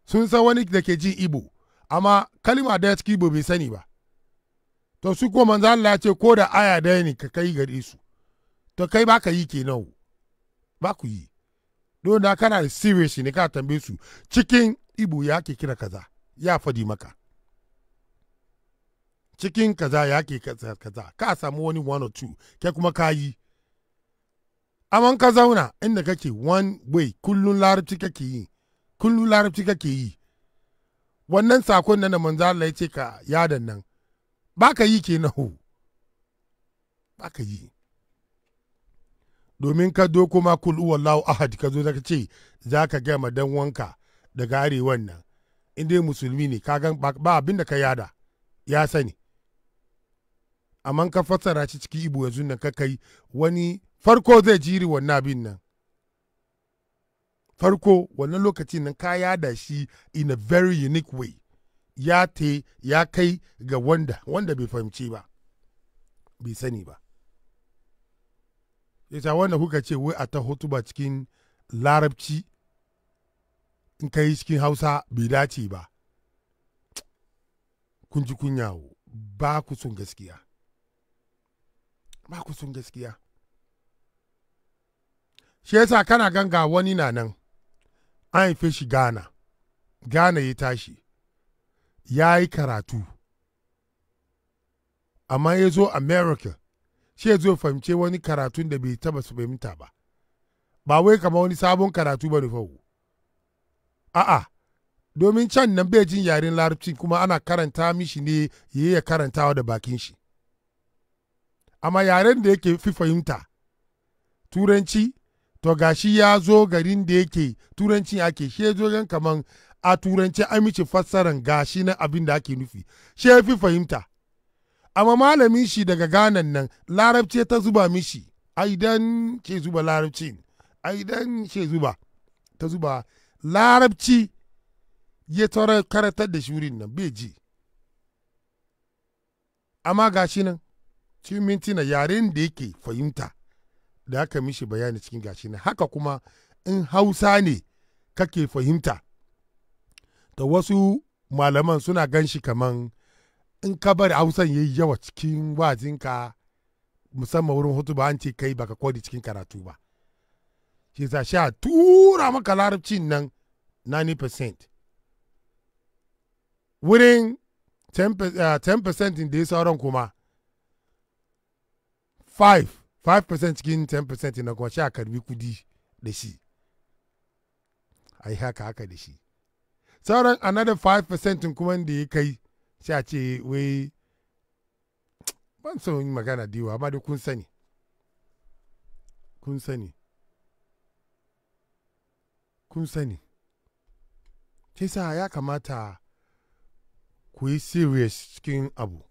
sun san wani da ke jin ibo amma kalima da cikin ibo bai sani ba to su ko manzo Allah ce ko da aya daya ne ka kai gare su to kai ba ka yi kenan ba ku yi don da kana da serious ne ka tambaye su cikin ibo ya ke kira kaza ya fadi maka cikin kaza ya ke kaza ka samu wani one or two kai kuma ka yi aman ka zauna inda kake one way kullun larabci kake yi kullun larabci kake yi wannan sakon nan da manzo Allah ya ce ka yadan nan baka yi ke nahu baka yi domin ka do kuma kul wallahu ahad ka zo zaka ce zaka ga dan wanka daga arewan nan in dai musulmi ne ka ba abin da ka yada ya sani amma ka fassara shi ciki ibo yanzu nan ka kai wani farko zai jiri wannan abin nan farko wannan lokacin nan ka yada shi in a very unique way ya te ya kai ga wanda wanda bai fahimci ba bai sani ba ita wanda kuka ce wai a ta ba cikin larabci in ka yi cikin hausa bai dace ba kun kunyawo ba ku sun gaskiya ba ku sun gaskiya shi yasa kana ga wani na nan an haife shi gana gana ya tashi ya yi karatu amma ya zo america shi ya zo fahimce wani karatun da bai taba su fahimta ba ba wai kama wani sabon karatu ba da a'a domin can nan bai jin yaren larabci kuma ana karanta mishi ne ya ya karantawa da bakin shi amma yaren da yake fi fahimta turanci to gashi ya zo garin da yake turanci ake shi zo gan kaman a turanci an mishi fassaran gashi na abin da ake nufi shi ya fi fahimta amma malamin shi daga ganan nan larabci ta zuba mishi aidan ke zuba larabci aidan ke zuba ta zuba larabci ya tara karatar da shurin nan bai ji amma gashi nan cikin mintuna yaren da yake fahimta da aka mishi bayani cikin gashi na haka kuma in hausa ne kake fahimta da wasu malaman suna gan shi kaman in ka bari hausan ya yi yawa cikin wazinka musamman wurin hutu ba an ce kai baka kwadi cikin karatu ba shi sa sha tura maka larabcin nan 90% wurin 10% da ya sauran kuma 5 5% cikin 10% na kuma sha karbi kudi da shi a yi haka haka da shi sauran another 5% kuma da ya kai sha ce wai ban so yi magana yiwa amma dai kun sani kun sani kun sani sa ya kamata ku yi serious cikin abu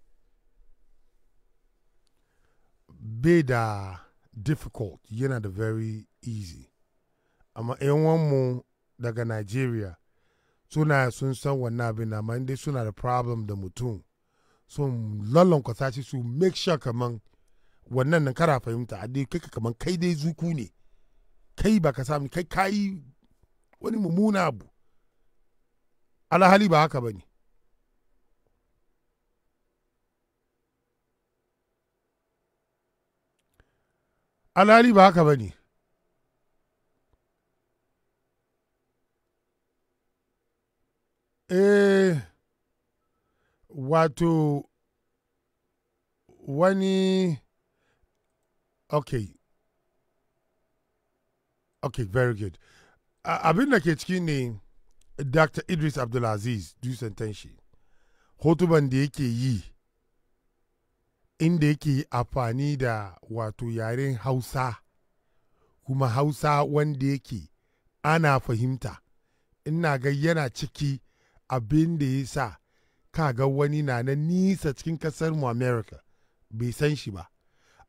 Be da uh, difficult yana da very easy amma eh, mu daga nigeria suna sun san wannan abin amma dai suna da problem da mutum so sun kwasa ce su make sure kaman wannan nan kara fahimta a dai kai kaman kai dai zuku ne kai ba ka sami kai kayi wani mummuna abu alhali ba haka ba ne alhali ba haka ba ne eh wato wani okay okay very good abin da ke ciki ne dr idris abdulaziz dusan tanshi hotuban da yake yi inda yake amfani da wato yaren hausa kuma hausa wanda yake ana fahimta ina ga yana ciki abin da ya sa kaga wani na na nisa cikin kasar mu america bai san shi ba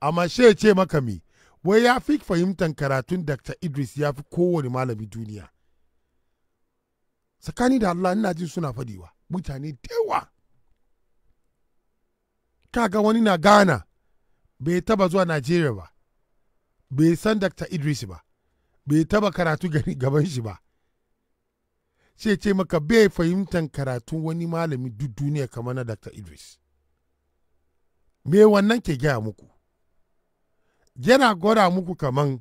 amma shi ce maka me wai ya fi fahimtar karatun dr idris ya fi kowane malami duniya tsakani da allah ina jin suna faɗiwa mutane da kaga wani na ghana bai taba zuwa nigeria ba bai san dr idris ba bai taba karatu gaban shi ba sai ce maka bai fahimtar karatun wani malami duk duniya kamar na dr idris me wannan ke gaya muku yana gwada muku kaman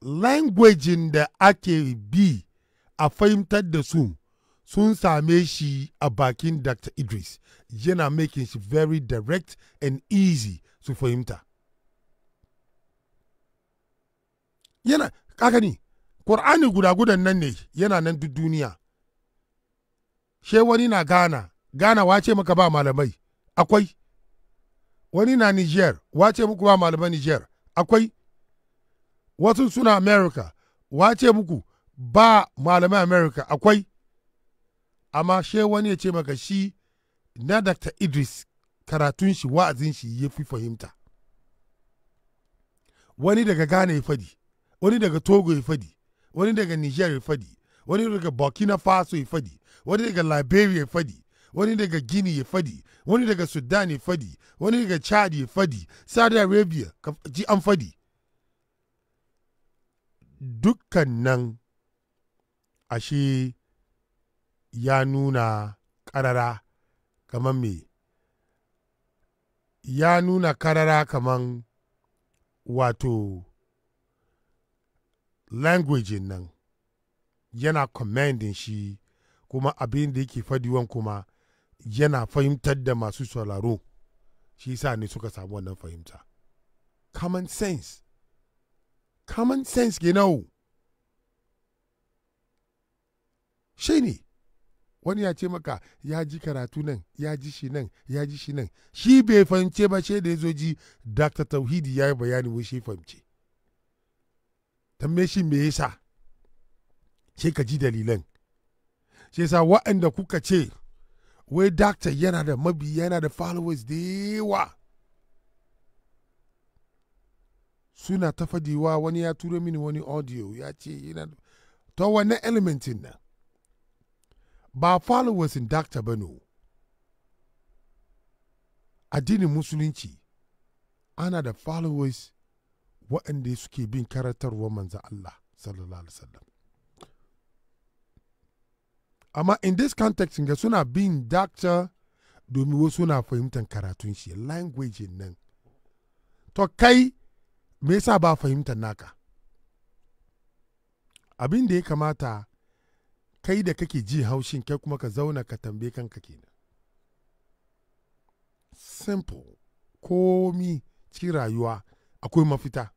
languagin da ake bi a fahimtar da su sun same shi a bakin Dr. Idris yana making shi very direct and easy su fahimta. Yana, kakani Ƙur'ani guda-gudan nan ne yana nan duk duniya. She wani na Ghana, Ghana wace maka ba malamai, akwai. Wani na Niger, wace muku ba malamai Niger, akwai. Wasu suna America, wace muku ba malamai America, akwai. amma she wani ya ce maka shi na Dr. Idris karatun shi wa'azin shi ya fi fahimta wani daga Ghana ya fadi wani daga Togo ya fadi wani daga Niger ya fadi wani daga Burkina Faso ya fadi wani daga Liberia ya fadi wani daga Guinea ya fadi wani daga Sudan ya fadi wani daga Chad ya fadi Saudi Arabia ji an fadi dukkan nan ashe ya nuna karara kamar me ya nuna karara kamar wato language nan yana commanding shi kuma abin da yake fadiwan kuma yana fahimtar da masu sauraro shi sa ne suka samu wannan fahimta common sense common sense you shi ne wani ya ce maka ya ji karatu nan ya ji shi nan ya ji shi nan shi bai fahimce ba shi da ya zo ji dr tauhidi ya yi bayani wai shi fahimce tambaye shi me yasa sai ka ji dalilan sai sa wa'anda kuka ce wai doctor yana da mabi yana da followers da yawa suna ta fadiwa wani ya turo mini wani audio ya ce yana ta wannan elementin nan ba followers in dakta ba no addinin musulunci ana da followers waɗanda suke bin karatarwa manzan Allah sallallahu alaihi wasallam amma in this context ga suna bin doctor domin wasu na fahimtar karatun shi language nan to kai me yasa ba fahimtar naka abin da ya kamata kai da kake ji haushin kai kuma ka zauna ka tambaye kanka kenan simple komi cikin rayuwa akwai mafita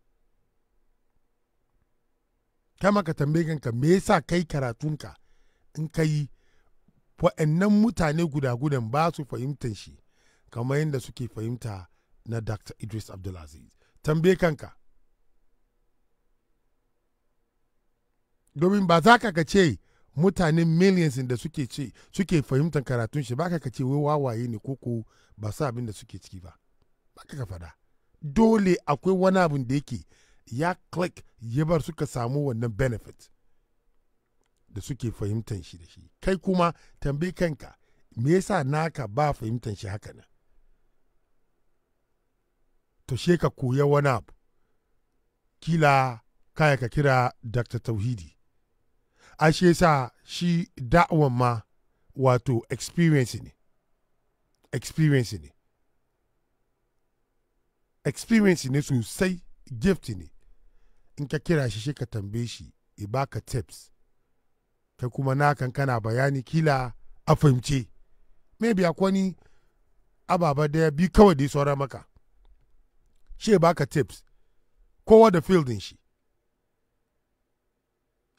kama ka tambaye kanka me yasa kai karatunka in ka yi wa'annan mutane guda guda ba su fahimtar shi kamar yadda suke fahimta na dr idris abdulaziz tambaye kanka domin ba za ka ka ce mutane millions da suke ce suke fahimtar karatun shi baka ka ce wai wawaye ne ko ko ba su abin da suke ciki ba baka ka fada dole akwai wani abin da yake ya click ya bar suka samu wannan benefit da suke fahimtar shi da shi kai kuma tambayi kanka me yasa naka ba fahimtar shi haka nan to she ka koya wani abu kila kaya ka kira dr tauhidi ashe sa shi da'awan ma wato experience ne experience ne experience ne sosai gift ne in ka kira shi shi ka tambaye shi ya baka tips ka kuma na kana bayani kila a fahimce maybe akwani ababa daya bi kawai da ya saura maka shi baka tips kowa da fieldin shi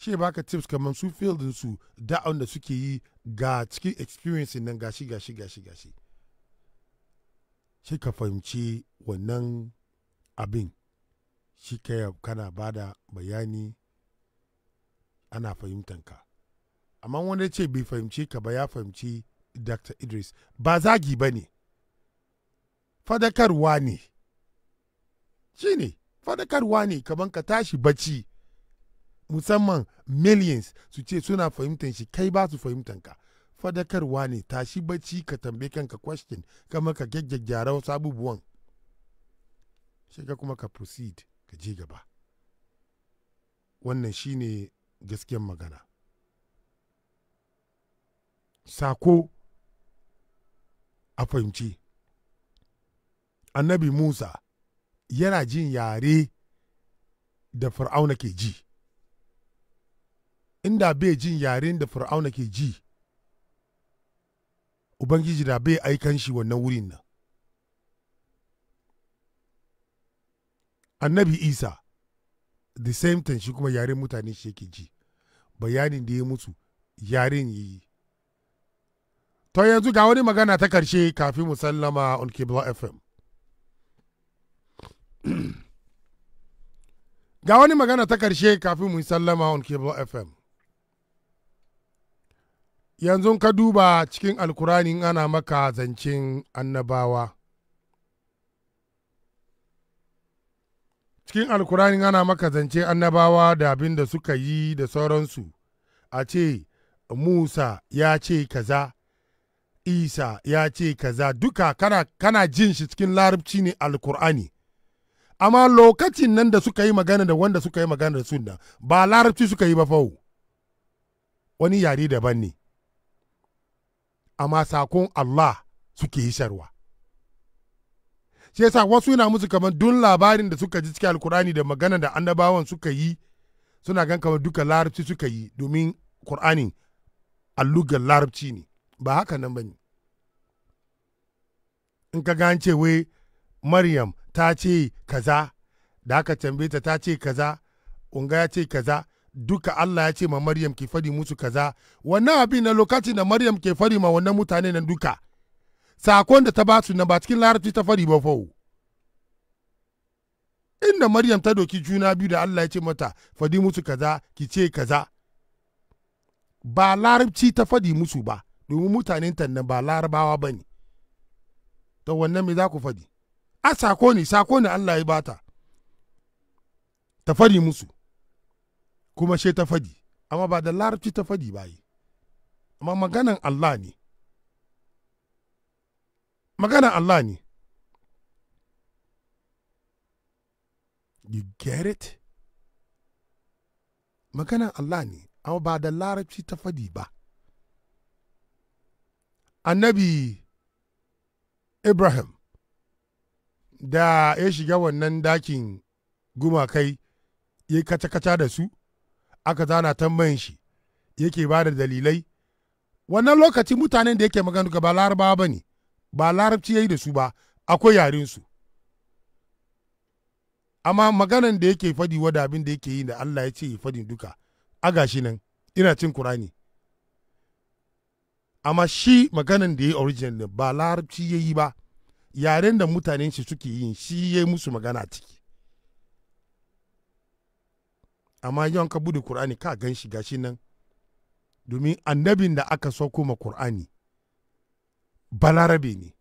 shi baka tips kamar su da su da'on da suke yi ga cikin experience nan gashi gashi gashi gashi shi ka fahimci wannan abin shi ka kana bada bayani ana fahimtanka amma wanda ce bai fahimci ka ba ya fahimci dr idris ba zagi ba ne fadakarwa ne shi ne fadakarwa ne kamar ka tashi bacci musamman millions su ce suna fahimtar shi kai ba su fahimtar ka fadakarwa ne tashi bacci ka tambaye kanka question kama ka gyaggyara wasu abubuwan shiga kuma ka proceed ka je gaba wannan shine gaskiyar magana sako a fahimci annabi musa yana jin yare da fir'auna ke ji inda bai jin yaren da fir'auna ke ji ubangiji da bai aikan shi wannan wurin nan annabi isa the same thing shi kuma yaren mutane shi yake ji bayanin da ya mutu yaren ya yi to yanzu ga wani magana ta karshe kafin mu sallama on cable fm ga wani magana ta karshe kafin mu sallama on cable fm yanzu ka duba cikin alkurani ana maka zancen annabawa cikin alkurani ana maka zance annabawa da abin da suka yi da sauransu a ce musa ya ce kaza isa ya ce kaza duka kana, kana jin shi cikin larabci ne alkur'ani amma lokacin nan da suka yi magana da wanda suka yi magana da sunna ba larabci suka yi ba fawo wani yare daban ne amma sakon Allah suke yi sharwa shi yasa wasu yana musu kamar dun labarin da suka ji cikin alkur'ani da magana da annabawan suka yi suna gan kamar duka larabci suka yi domin kur'ani allugar larabci ne ba haka nan ba ne in ka gan wai maryam ta ce kaza da aka tambaye ta ta ce kaza unga ya ce kaza duka Allah ya ce ma Maryam ke fadi musu kaza wannan abin na lokacin da Maryam ke fari ma wannan mutane nan duka sakon da ta ba su na ba cikin larabci ta fari ba fau inda Maryam ta doki juna biyu da Allah ya ce mata fadi musu kaza ki ce kaza ba larabci ta fadi musu ba domin mutanen ta nan ba larabawa ba ne to wannan me za ku fadi a sako ne sako ne Allah ya bata ta fari musu kuma she ta fadi amma ba da larabci ta fadi ba yi amma maganan Allah ne maganan Allah ne you get it maganan Allah ne amma ba da larabci ta fadi ba annabi Ibrahim da ya shiga wannan dakin gumakai ya kaca-kaca da su aka zana tambayin shi yake ba da dalilai wannan lokaci mutanen da yake magana ba larabawa ba ne ba larabci ya yi da su ba akwai yarensu amma maganan da yake fadi da abin da yake yi da Allah ya ce ya fadi duka a gashi nan ina cin kurani amma shi maganan da ya original ba larabci ya yi ba yaren da mutanen shi suke yin shi ya yi musu magana ciki amma yawan ka bude Kur'ani ka gan shi gashi nan domin annabin da aka sauko ma Kur'ani balarabe ne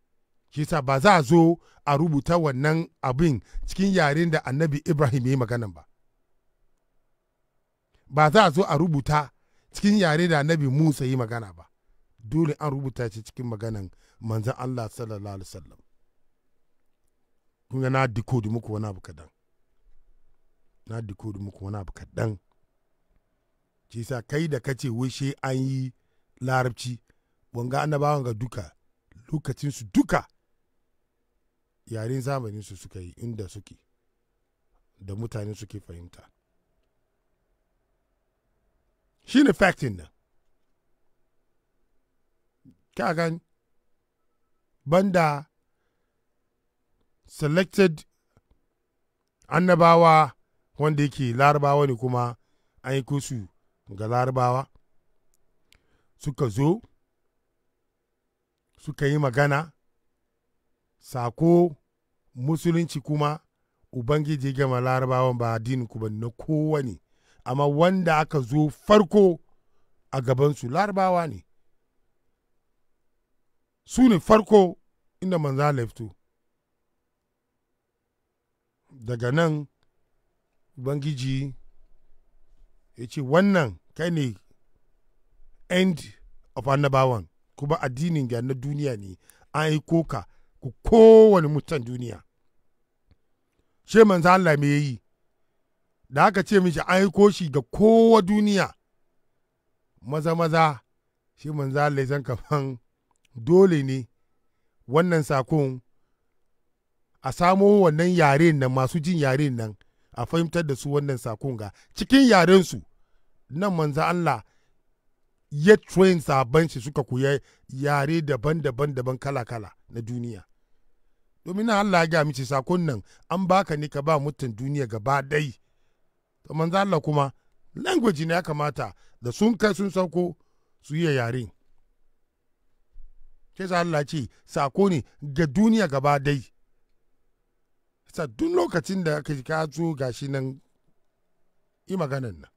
shi sa ba za a zo a rubuta wannan abin cikin yaren da annabi Ibrahim ya yi maganan ba ba za a zo a rubuta cikin yare da annabi Musa yi magana ba dole an rubuta shi cikin maganan manzan Allah sallallahu alaihi wasallam kun na dikodi muku wani abu kadan na dikodi muku wani abu kaɗan ce sa kai da kace wushe an yi larabci wanga annabawan ga duka lokacinsu duka yaren zamaninsu suka yi inda suke da mutane suke fahimta shi ne factin nan kagan banda selected annabawa wanda yake larabawa ne kuma an yi su ga larabawa suka zo suka yi magana sako musulunci kuma ubangiji gama larabawan ba addinin ku ba na kowa amma wanda aka zo farko a gabansu larabawa ne su ne farko inda manza laifto daga nan ubangiji ya ce wannan kai ne end of annabawan kuma addinin ga na duniya ne an yi koka ku kowane mutan duniya ce manzo Allah me yi da aka ce mishi an aiko shi ga kowa duniya maza maza shi manzo Allah san kafan dole ne wannan sakon a samo wannan yare nan masu jin yare nan a fahimtar da su wannan sakon ga cikin yarensu nan manza Allah ya train sabon shi suka koya yare daban-daban daban kala-kala na duniya domin na Allah ya mace sakon nan an baka ne ka ba mutum duniya gaba dai to manza Allah kuma language ne ya kamata da sun kai sun sauko su yi yare sai sa Allah ce sako ne ga duniya gaba dai sa duk lokacin da ka ka zo gashi nan yi maganan nan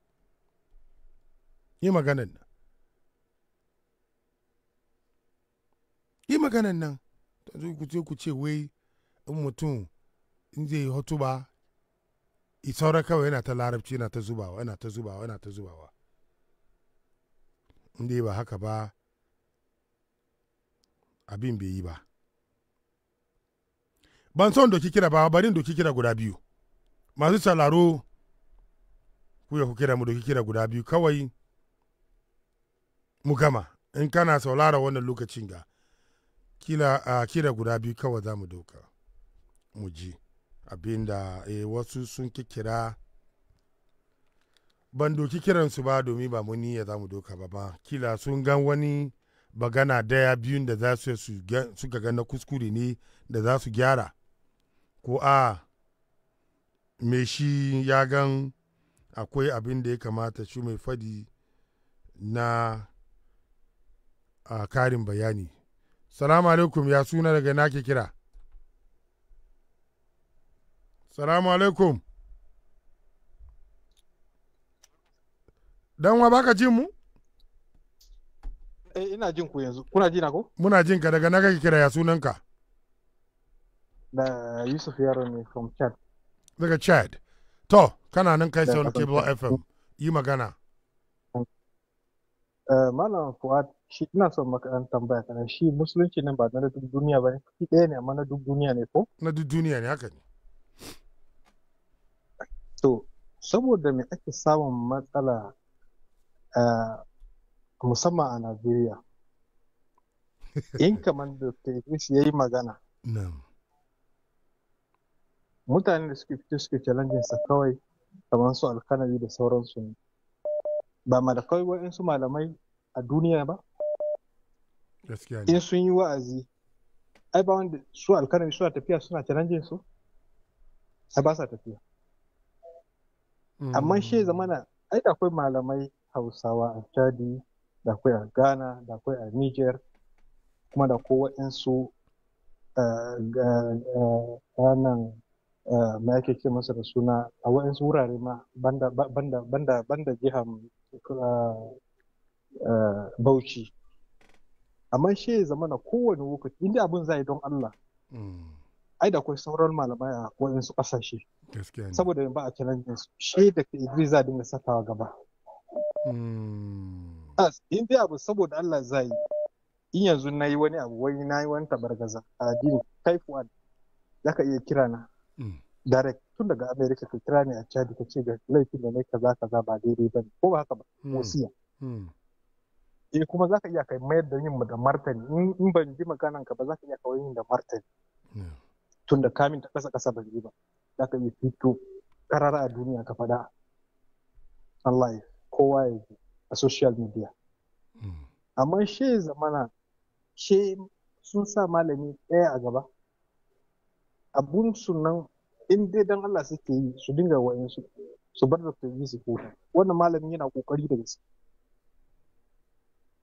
yi maganan nan yi maganan nan ta zo ku ce ku ce wai in mutum in zai yi hotuba isaura kawai yana ta larabci yana ta zubawa yana ta zubawa yana ta zubawa in dai ba haka ba abin bai yi ba ban son doki kira ba barin doki kira guda biyu masu salaro ku ya ku kira mu doki kira guda biyu kawai mu gama in kana saulara wannan lokacin ga kila a kira guda biyu kawai za mu doka mu ji abinda e, eh, wasu sun kira ban doki kiransu ba domin ba mu niyya za mu doka ba ma kila sun gan wani bagana daya biyun da za su ga na kuskure ne da za su gyara ko a me shi ya gan akwai abin da ya kamata shi mai fadi na a karin bayani salamu alaikum ya suna daga nake kira salamu alaikum dan wa baka jin mu eh ina jin ku yanzu kuna jina ko muna jin ka daga nake kira ya sunanka da Yusuf Yaro from Chad. Daga Chad. To, kana nan kai wani Cable FM yi magana. Eh, Malam Fuad, shi ina son makaranta tambaya kana shi musulunci nan ba na duk duniya ba ne, shi ɗaya ne amma na duk duniya ne ko? Na duk duniya ne haka ne. To, saboda me ake samun matsala eh, musamman a Najeriya. In kamar da ta ya yi magana. mutane da suke fito suke challenge sa kawai kamar su alkanabi da sauransu ne ba ma da kawai wa'insu malamai a duniya ba in sun yi wa'azi ai ba wanda su alkanabi suna tafiya suna challenge su ai ba sa tafiya amma shi mm. zamana ai da akwai malamai hausawa a chadi da akwai a ghana da akwai a niger kuma da ko waɗansu ranar eh, Eh, ma ake ce masa da suna a waɗansu wurare ma banda banda banda banda eh, eh, bauchi amma shi ya zama na kowane lokaci inda abin za yi don Allah mm. ai da akwai sauran malamai a waɗansu ƙasashe saboda ba a challenge su shi da Idris za dinga satawa gaba mm. Inda abu saboda Allah za yi in yanzu na yi wani abu wani na yi wani tabargaza a addini kaifuwa da za ka iya kira na direct tun daga america ka kira ni a chad ka ce ga laifin da ne kaza kaza ba daidai ba ko ba haka ba hmm. siya. Hmm. eh kuma zaka iya kai mayar da yin da martani in ban ji maganan ka ba zaka iya kai yin da martani hmm. tun da kamin ta kasa kasa ban ji ba zaka yi fito karara a duniya ka fada Allah ya kowa ya ji a social media amma she zamana she sun sa malami ɗaya a gaba abun sunan nan in dai dan Allah suke yi su dinga wayan su su bar Dr. su huta wannan malamin yana kokari da gaske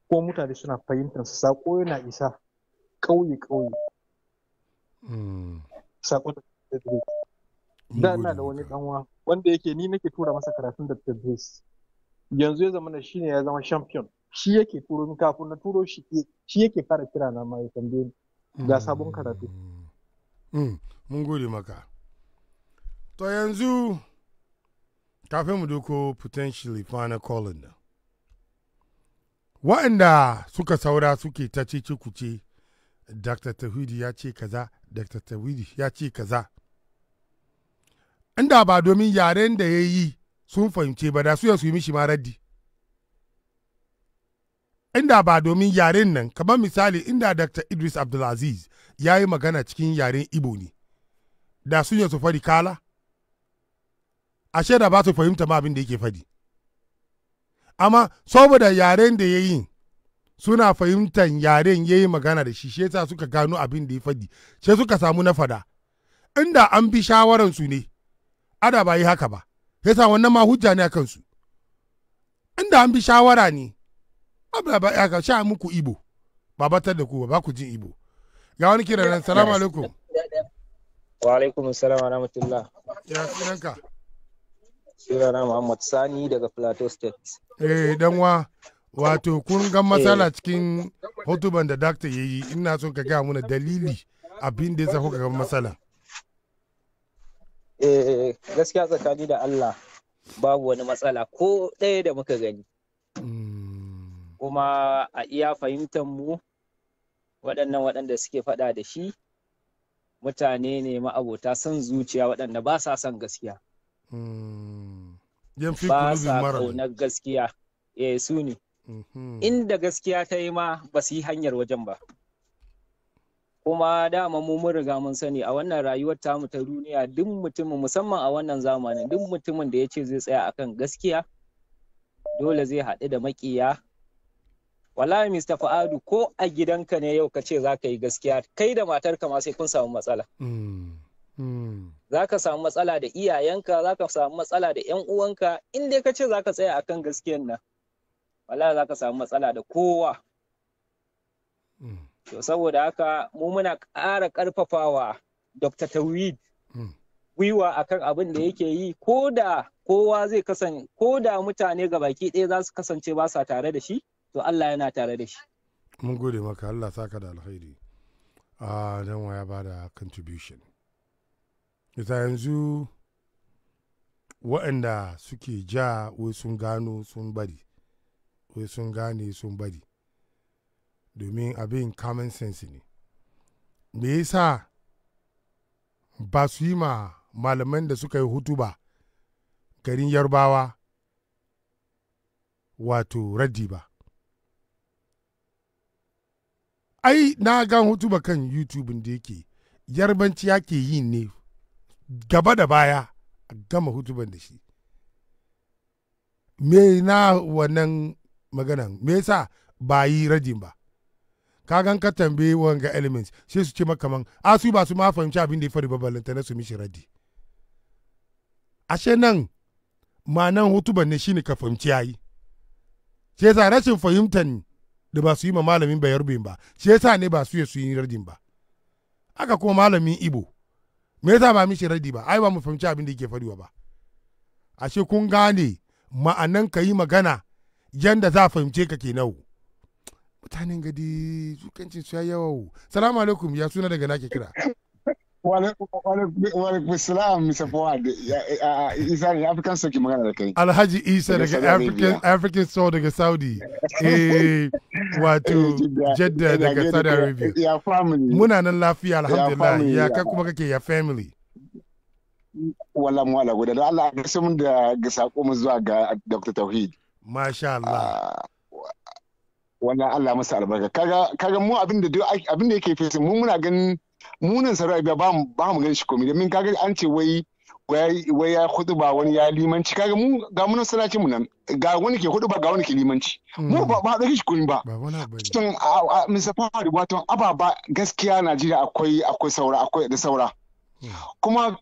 ko mutane suna fahimtar su sako yana isa ƙauye ƙauye hmm. sako da da ina da wani ɗanwa wanda yake ni nake tura masa karatun da Grace yanzu ya zama na shine ya zama champion shi yake turo kafin na turo shi shi yake fara kira na ma ya tambaye ga sabon karatu hmm. Mm, mun gode maka to yanzu kafin mu doko potentially final calling nan waɗanda suka saura suke ta ce kuce dr tawhidi ya ce kaza dr tawhidi ya ce kaza inda ba domin yaren da ya yi sun fahimce ba da su su yi mishi ma raddi inda ba domin yaren nan kamar misali inda dr idris abdulaziz ya yi magana cikin yaren Ibo ne, da sun su fari kala, ashe da ba su fahimta ma abin da yake fadi. Amma saboda yaren da ya yi suna fahimtar yaren ya yi magana da shi, shi yasa suka gano abin da ya fadi, sai suka samu na fada. Inda an bi shawararsu ne, ada ba yi haka ba, yasa wannan ma hujja ne a kansu. Inda an bi shawara ne, abu ba ya ka sha muku Ibo, ba batar da ku ba, ba ku jin Ibo. ga wani kira nan salamu alaikum wa alaikum salam wa rahmatullah ya sunanka sunana muhammad sani daga plateau state eh dan wa wato kun ga matsala eh. cikin hotuban da dakta ya yi ina son ka gaya mana dalili abin da ya sa kuka ga matsala eh gaskiya tsakani da Allah babu wani matsala ko ɗaya da muka gani hmm. kuma a iya fahimtar mu waɗannan waɗanda suke faɗa da shi mutane ne ma'abota son zuciya waɗanda ba sa son gaskiya hmm. ba sa ƙaunar gaskiya ya eh, su ne hmm. inda gaskiya ta yi ma ba su yi hanyar wajen ba kuma dama mu mun riga mun sani a wannan rayuwar tamu ta duniya duk mutumin musamman a wannan zamanin duk mutumin da ya ce zai tsaya akan gaskiya dole zai haɗu da maƙiya wallahi Mr. Fa'adu ko a gidanka ne yau ka ce za ka yi gaskiya kai da matarka ma sai kun samu matsala. Hmm. Hmm. Za ka samu matsala da iyayenka, za ka samu matsala da 'yan uwanka, in dai ka ce za ka tsaya akan gaskiyan nan, wallahi za ka samu matsala da kowa. Hmm. To saboda haka mu muna ƙara ƙarfafawa Dr. Tawid gwiwa akan abin da yake yi ko da kowa zai kasance ko da mutane ga baki ɗaya za su kasance ba sa tare da shi to Allah yana tare da shi mun gode maka Allah saka da alkhairi a dan ya bada contribution ita yanzu waɗanda suke ja wai sun gano sun bari wai sun gane sun bari domin abin common sense ne me yasa ba su yi ma malaman da suka yi hutu ba garin yarbawa wato raddi ba ai na gan hutuba kan youtube da yake yarbanci yake yi ne gaba da baya a gama hutu da shi me na wannan maganan me yasa ba yi rajin ba ka gan ka tambaye wanga elements sai su ce makaman a su ba su ma fahimci abin da ya faru babalanta na su mishi radi ashe nan ma nan hutuban ne shi ne ka fahimci yayi sai yasa rashin fahimtan da ba su yi ma malamin bayarbin ba shi ya sa ne ba su yi su yi radin ba aka kuma malamin ibo me yasa ba mishi radi ba ai ba mu fahimci abin da yake faruwa ba ashe kun gane ma'anan ka yi magana yanda za a fahimce ka ke kenan mutanen gadi zukancin su ya yawa salamu alaikum ya suna daga nake kira Alhaji Isa daga African African Soul daga Saudi. Eh wato eh, Jeddah daga Saudi Arabia. Muna nan lafiya alhamdulillah ya kai kuma kake ya family. wala mu ala guda da Allah ya mun da ga sako mu zuwa ga Dr. Tauhid. Masha Allah. Ah, Wannan Allah masa albarka. Kaga kaga mu abin da abin da yake fesa mu muna ganin munan sarari ba ba mu gan shi komai domin kaga an ce wai wai ya hudu ba wani ya limanci kaga mu ga munan sarari mu nan ga wani ke hudu ba ga wani ke limanci mu hmm. ba ba da shi komai ba tun Mr. Fahad wato ababa gaskiya Najeriya akwai akwai saura akwai da saura hmm. kuma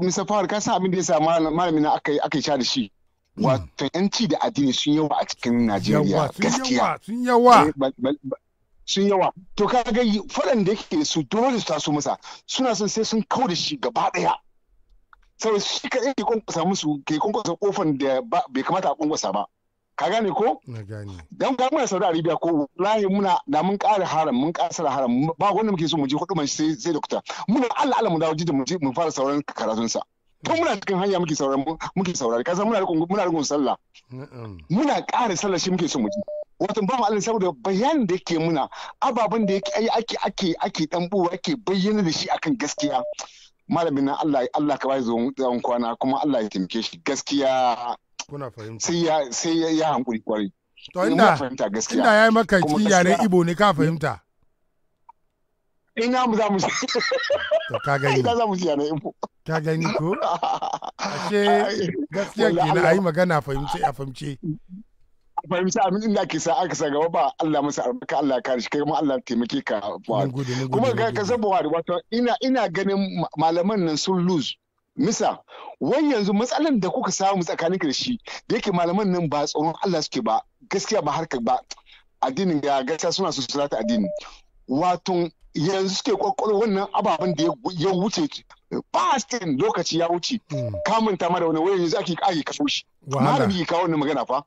Mr. Fahad ka san abin da ya sa malami na aka aka sha da shi hmm. wato yanci da addini sun yawa a cikin Najeriya gaskiya sun yawa eh, sun yawa to ka ga faɗan da yake su dole su taso masa suna son sai sun kau da shi gaba ɗaya sai shi kaɗai ke kwankwasa musu ke kwankwasa kofan da bai kamata a kwankwasa ba ka gane ko dan ga muna Saudi Arabia ko wallahi muna da mun ƙara haram mun ƙara haram ba wanda muke so mu je hudu sai sai dokta muna Allah Allah mu dawo jiji mu mu fara sauran karatun sa tun muna cikin hanya muke sauraron muke saurari kasan muna rikon muna rikon sallah muna ƙara sallah shi muke so mu je wato ba mu saboda bayan da yake muna ababen da yake ake ake ake dan buwa ake bayyana da shi akan gaskiya malamin nan Allah Allah ka bai zuwan kwana kuma Allah ya taimake shi gaskiya kuna fahimta sai ya sai ya hankuri kwarai to inda inda yayi maka yare ibo ne ka fahimta ina mu za mu to ka gani ina za mu ci yana ibo ka gani ko ashe gaskiya kenan ai magana fahimce a fahimce fahimci abin inda ke sa aka sa gaba ba Allah masa albarka Allah kare shi kai kuma Allah taimake ka kuma ga ka san Buhari wato ina ina ganin malaman nan sun lose misa wai yanzu matsalan da kuka samu tsakanin da shi da yake malaman nan ba tsoron Allah suke ba gaskiya ba harkar ba addinin ga gaskiya suna su sulata addini wato yanzu suke kwakwaro wannan ababen da ya wuce fastin lokaci ya wuce hmm. kamun ta mara wani wani yanzu ake ake shi malami ka kawo wannan magana fa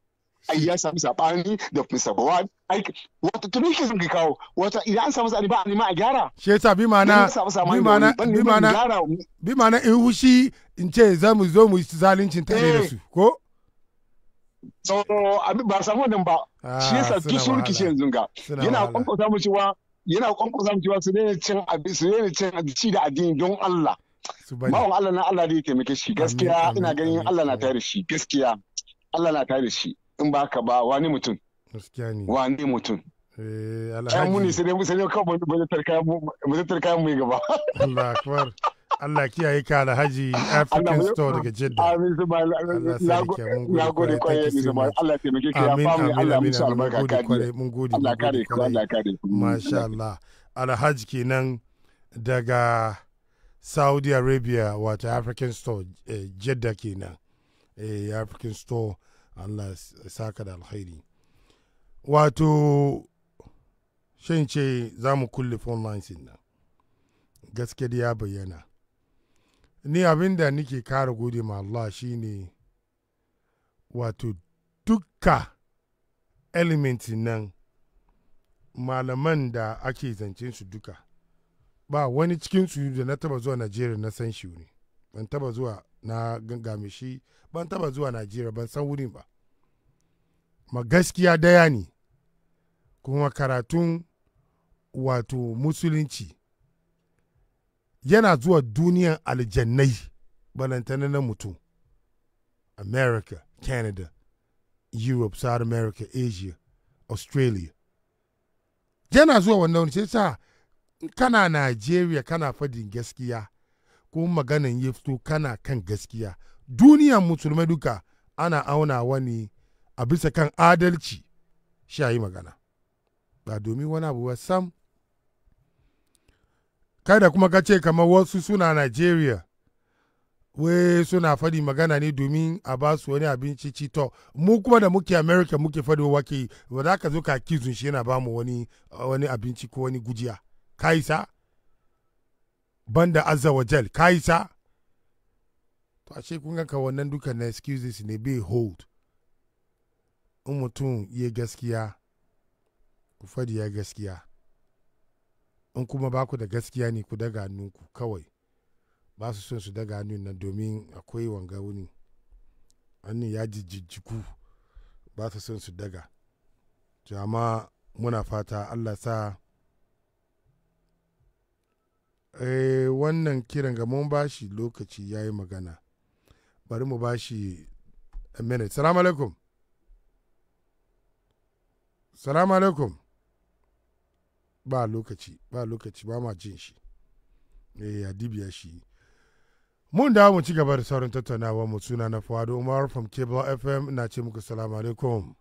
ai ya samu sabani da Mr. Bawad ai wata tuni ke sun kawo wata idan an samu sabani ba a nema a gyara shi yasa bi mana bi mana bi mana bi mana in hushi in ce za mu zo mu yi zalincin ne da eh. su ko so ba samu wannan ba ah, shi yasa duk sun rikici yanzu ga yana kwankwasa mu cewa yana kwankwasa mu cewa su ne cin abin su ne cin ci da addini don Allah bawan Allah na Allah da ya taimake shi gaskiya ina ganin Allah na tare shi gaskiya Allah na tare shi in ba ka ba wani mutum wani mutum Yan eh, muni sai dai kawai mazatar kayan mai gaba. Allah akbar. Allah kiyaye ka alhaji African store daga Jeddah. Amin su ba na gode kwaye ne zama Allah taimake ki ya famu Allah musu albarka kare. Mun gode Allah kare ku Allah kare ku. Masha Allah. Alhaji kenan daga Saudi Arabia wato African store eh, Jeddah kenan. Eh, African store allah saka da alkhairi wato shan ce za mu kulle phone lines nan da ya bayyana ni abin da nake kara gode ma Allah shine wato dukka element nan malaman da ake zancen su duka ba wani cikin su da na taba zuwa Najeriya na san shi ne ban taba zuwa na gangame shi ban taba zuwa najeriya ban san wurin ba ma gaskiya daya ne kuma karatun wato musulunci yana zuwa duniyan aljannai balantana na mutum america canada europe south america asia australia yana zuwa wannan wani sai sa kana najeriya kana fadin gaskiya ko maganan ya fito kana kan gaskiya duniyan musulmai duka ana aunawa ne a bisa kan adalci sha yi magana ba domin wani abu sam kada kuma ka ce kamar wasu suna nigeria we suna faɗi magana ne domin a ba su wani abinci ci to mu kuma da muke America muke faɗi wake ba za ka zo ka kizun shi yana ba mu wani abinci ko wani gujiya ka sa. banda azza wa jal ka to ashe kun ka wannan duka na excuses ne be hold in mutum ya gaskiya ku fadi ya gaskiya in kuma ba ku da gaskiya ne ku daga nuku kawai ba su son su daga hannun nan domin akwai wanga wuni hannun ya jijjiku ba su son su daga jama muna fata allah sa Eh, wannan kiran ga mun bashi lokaci ya yi magana bari mu bashi a minute salamu alaikum salamu alaikum ba lokaci ba lokaci ba ma jin shi eh dibiya shi mun da mu ci gaba da sauran tattaunawa mu suna na fado umar from cable fm na ce muku salamu alaikum